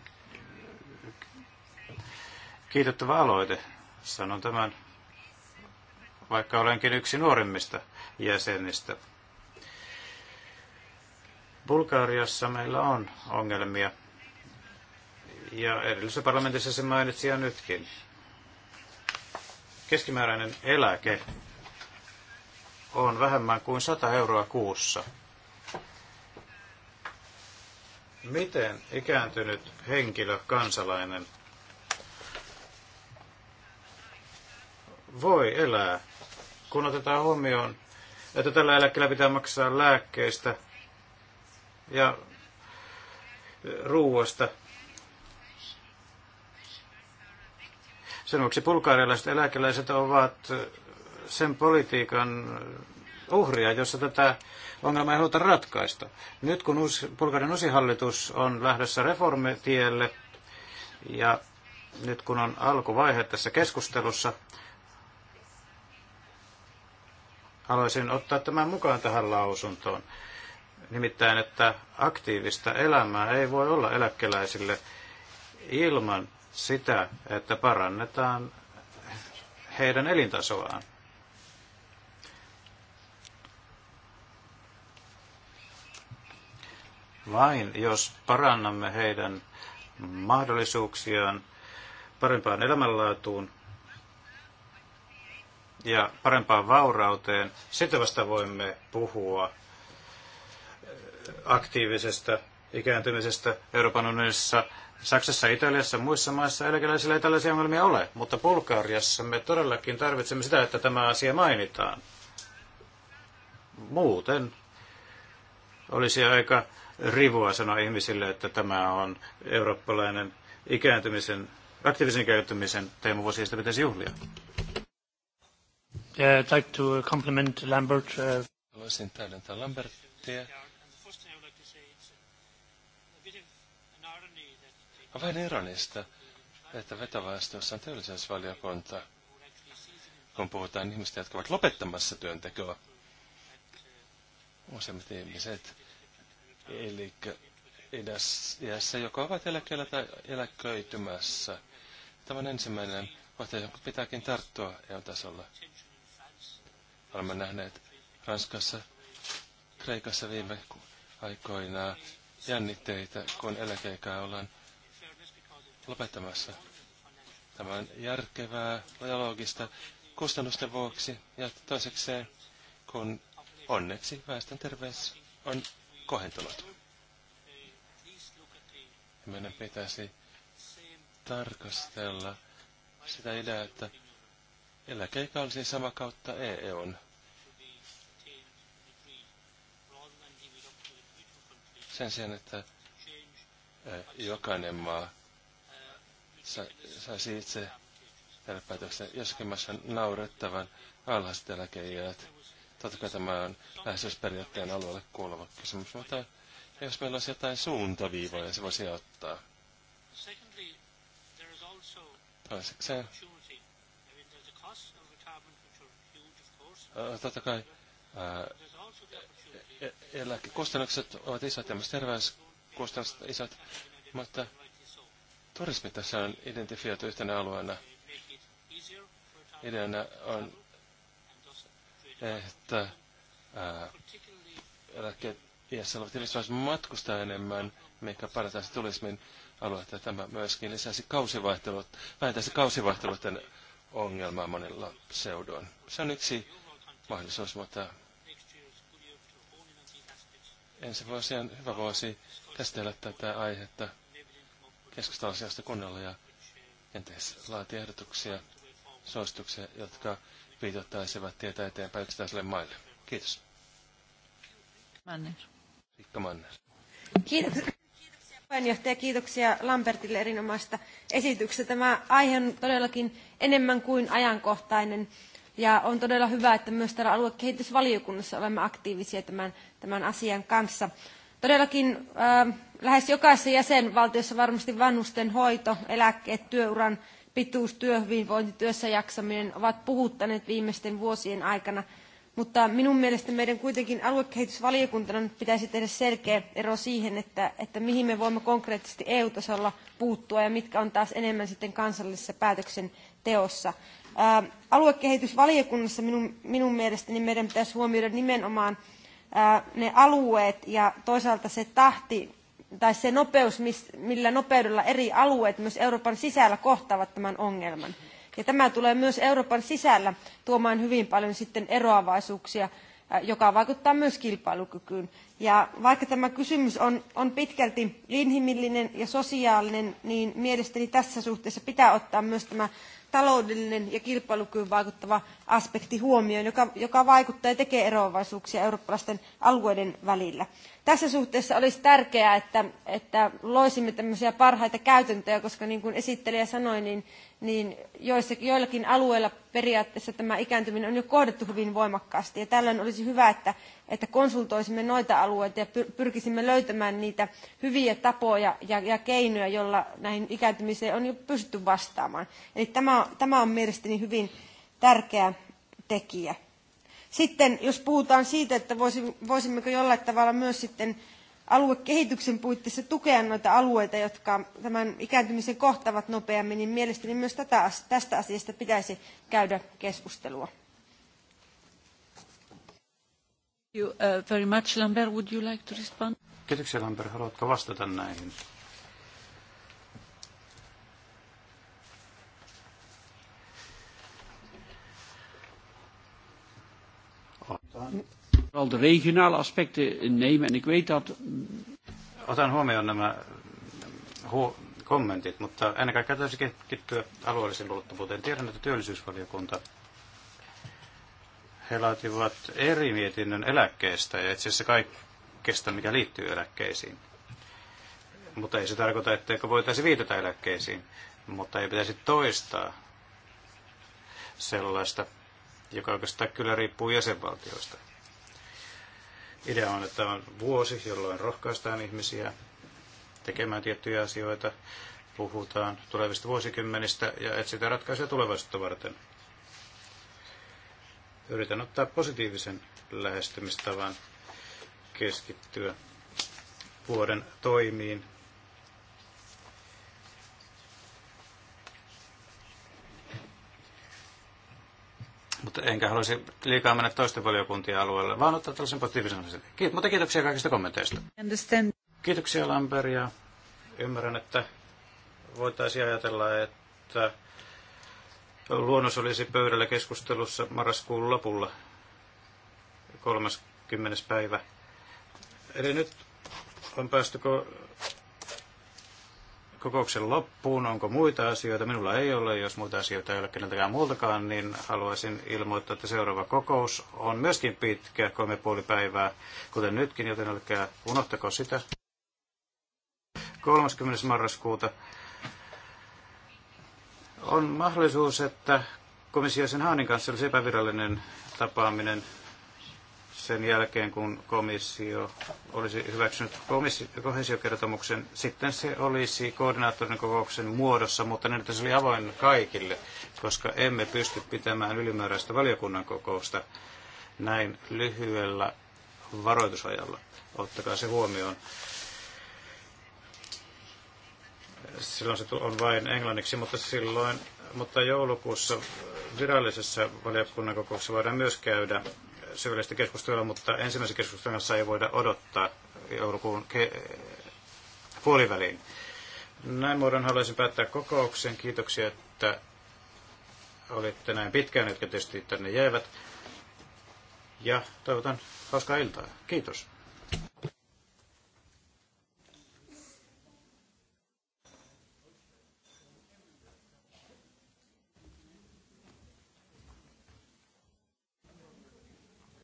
kiitettävä aloite. Sanon tämän vaikka olenkin yksi nuorimmista jäsenistä. Bulgariassa meillä on ongelmia, ja edellisessä parlamentissa se mainitsi ja nytkin. Keskimääräinen eläke on vähemmän kuin 100 euroa kuussa. Miten ikääntynyt henkilö, kansalainen, voi elää kun otetaan huomioon, että tällä eläkkeellä pitää maksaa lääkkeistä ja ruuasta. Sen vuoksi bulgaarialaiset eläkeläiset ovat sen politiikan uhria, jossa tätä ongelmaa ei haluta ratkaista. Nyt kun uusi, Bulgarian uusi hallitus on lähdössä reformitielle ja nyt kun on alkuvaihe tässä keskustelussa, Haluaisin ottaa tämän mukaan tähän lausuntoon. Nimittäin, että aktiivista elämää ei voi olla eläkeläisille ilman sitä, että parannetaan heidän elintasoaan. Vain jos parannamme heidän mahdollisuuksiaan parempaan elämänlaatuun, ja parempaan vaurauteen, sitä vasta voimme puhua äh, aktiivisesta ikääntymisestä Euroopan unionissa. Saksassa, Italiassa ja muissa maissa eläkeläisillä ei tällaisia ongelmia ole, mutta Bulgariassa me todellakin tarvitsemme sitä, että tämä asia mainitaan. Muuten olisi aika rivua sanoa ihmisille, että tämä on eurooppalainen ikääntymisen, aktiivisen ikääntymisen teemavuosi, ja sitä pitäisi juhlia. Yeah, uh, I'd like to compliment Lambert. Uh,
Haluaisin täydentää Lambertia. On vähän ironista, että vetovastuussa on teollisuusvaliokunta, kun puhutaan ihmistä, jotka ovat lopettamassa työntekoa. Useimmat ihmiset, eli edessä joko ovat eläkkeellä tai eläköitymässä. Tämä on ensimmäinen kohta, johon pitääkin tarttua EU-tasolla. Olemme nähneet Ranskassa, Kreikassa viime aikoina jännitteitä, kun eläkeikää ollaan lopettamassa. Tämä on järkevää ja loogista kustannusten vuoksi ja toisekseen, kun onneksi väestön terveys on kohentunut. Meidän pitäisi tarkastella sitä ideaa, että Eläkeikä olisi siis sama kautta EUn. E Sen sijaan, että jokainen maa sa- saisi itse tehdä päätöksen. Jossakin maassa naurettavan alhaiset eläkeijät. Totta kai tämä on läheisyysperiaatteen alueelle kuuluva kysymys, mutta jos meillä olisi jotain suuntaviivoja, se voisi ottaa.
Toisekseen
totta kai e, e, eläkekustannukset ovat isot ja myös terveyskustannukset isot, mutta turismi tässä on identifioitu yhtenä alueena. Ideana on, että eläkkeet iässä olevat ihmiset matkustaa enemmän, mikä parantaisi turismin aluetta. Tämä myöskin lisäisi kausivaihtelut, vähentäisi kausivaihteluiden ongelmaa monilla seuduilla. Se on yksi mahdollisuus, mutta ensi vuosi on hyvä vuosi käsitellä tätä aihetta keskustella asiasta kunnolla ja kenties laatia ehdotuksia, suosituksia, jotka viitoittaisivat tietä eteenpäin yksittäiselle maille. Kiitos. Manner. Riikka Manner.
Kiitoksia puheenjohtaja, kiitoksia Lambertille erinomaista esityksestä. Tämä aihe on todellakin enemmän kuin ajankohtainen. Ja on todella hyvä, että myös täällä aluekehitysvaliokunnassa olemme aktiivisia tämän, tämän asian kanssa. Todellakin äh, lähes jokaisessa jäsenvaltiossa varmasti vanhusten hoito, eläkkeet, työuran pituus, työhyvinvointi, työssä jaksaminen ovat puhuttaneet viimeisten vuosien aikana. Mutta minun mielestä meidän kuitenkin aluekehitysvaliokuntana pitäisi tehdä selkeä ero siihen, että, että mihin me voimme konkreettisesti EU-tasolla puuttua ja mitkä on taas enemmän sitten kansallisessa päätöksenteossa aluekehitysvaliokunnassa minun, minun mielestäni meidän pitäisi huomioida nimenomaan ne alueet ja toisaalta se tahti tai se nopeus, millä nopeudella eri alueet myös Euroopan sisällä kohtaavat tämän ongelman. Ja tämä tulee myös Euroopan sisällä tuomaan hyvin paljon sitten eroavaisuuksia, joka vaikuttaa myös kilpailukykyyn. Ja vaikka tämä kysymys on, on pitkälti inhimillinen ja sosiaalinen, niin mielestäni tässä suhteessa pitää ottaa myös tämä taloudellinen ja kilpailukyvyn vaikuttava aspekti huomioon, joka, joka vaikuttaa ja tekee eroavaisuuksia eurooppalaisten alueiden välillä. Tässä suhteessa olisi tärkeää, että, että loisimme tämmöisiä parhaita käytäntöjä, koska niin kuin esittelijä sanoi, niin niin joillakin alueilla periaatteessa tämä ikääntyminen on jo kohdettu hyvin voimakkaasti. Ja tällöin olisi hyvä, että, että konsultoisimme noita alueita ja pyrkisimme löytämään niitä hyviä tapoja ja, ja keinoja, joilla näihin ikääntymiseen on jo pystytty vastaamaan. Eli tämä, tämä on mielestäni hyvin tärkeä tekijä. Sitten jos puhutaan siitä, että voisimmeko jollain tavalla myös sitten aluekehityksen puitteissa tukea noita alueita, jotka tämän ikääntymisen kohtavat nopeammin, niin mielestäni myös tätä, tästä asiasta pitäisi käydä keskustelua.
You, uh, very much. Lambert, would you like to respond?
Kiitoksia Lambert. Haluatko vastata näihin? Otan. Vooral de regionale aspecten nemen. En ik weet dat... Otan huomioon nämä hu- kommentit, mutta ennen kaikkea täytyy keskittyä alueellisen ulottuvuuteen. Tiedän, että työllisyysvaliokunta he laativat eri mietinnön eläkkeestä ja itse asiassa kaikesta, mikä liittyy eläkkeisiin. Mutta ei se tarkoita, etteikö voitaisiin viitata eläkkeisiin, mutta ei pitäisi toistaa sellaista, joka oikeastaan kyllä riippuu jäsenvaltioista. Idea on, että on vuosi, jolloin rohkaistaan ihmisiä tekemään tiettyjä asioita, puhutaan tulevista vuosikymmenistä ja etsitään ratkaisuja tulevaisuutta varten. Yritän ottaa positiivisen lähestymistavan keskittyä vuoden toimiin Mutta enkä haluaisi liikaa mennä toisten valiokuntien alueelle, vaan ottaa tällaisen positiivisen asian. Kiit- mutta kiitoksia kaikista kommenteista. Understand. Kiitoksia Lamber ja ymmärrän, että voitaisiin ajatella, että luonnos olisi pöydällä keskustelussa marraskuun lopulla 30. päivä. Eli nyt on päästykö kokouksen loppuun. Onko muita asioita? Minulla ei ole. Jos muita asioita ei ole keneltäkään muultakaan, niin haluaisin ilmoittaa, että seuraava kokous on myöskin pitkä, kolme puoli päivää, kuten nytkin, joten älkää unohtako sitä. 30. marraskuuta on mahdollisuus, että sen Haanin kanssa olisi epävirallinen tapaaminen sen jälkeen, kun komissio olisi hyväksynyt komissi- Sitten se olisi koordinaattorin kokouksen muodossa, mutta niin, että se oli avoin kaikille, koska emme pysty pitämään ylimääräistä valiokunnan kokousta näin lyhyellä varoitusajalla. Ottakaa se huomioon. Silloin se on vain englanniksi, mutta silloin mutta joulukuussa virallisessa valiokunnan kokouksessa voidaan myös käydä syvällistä keskustelua, mutta ensimmäisen keskustelun kanssa ei voida odottaa joulukuun ke- puoliväliin. Näin muodon haluaisin päättää kokouksen. Kiitoksia, että olitte näin pitkään, jotka tietysti tänne jäivät. Ja toivotan hauskaa iltaa. Kiitos.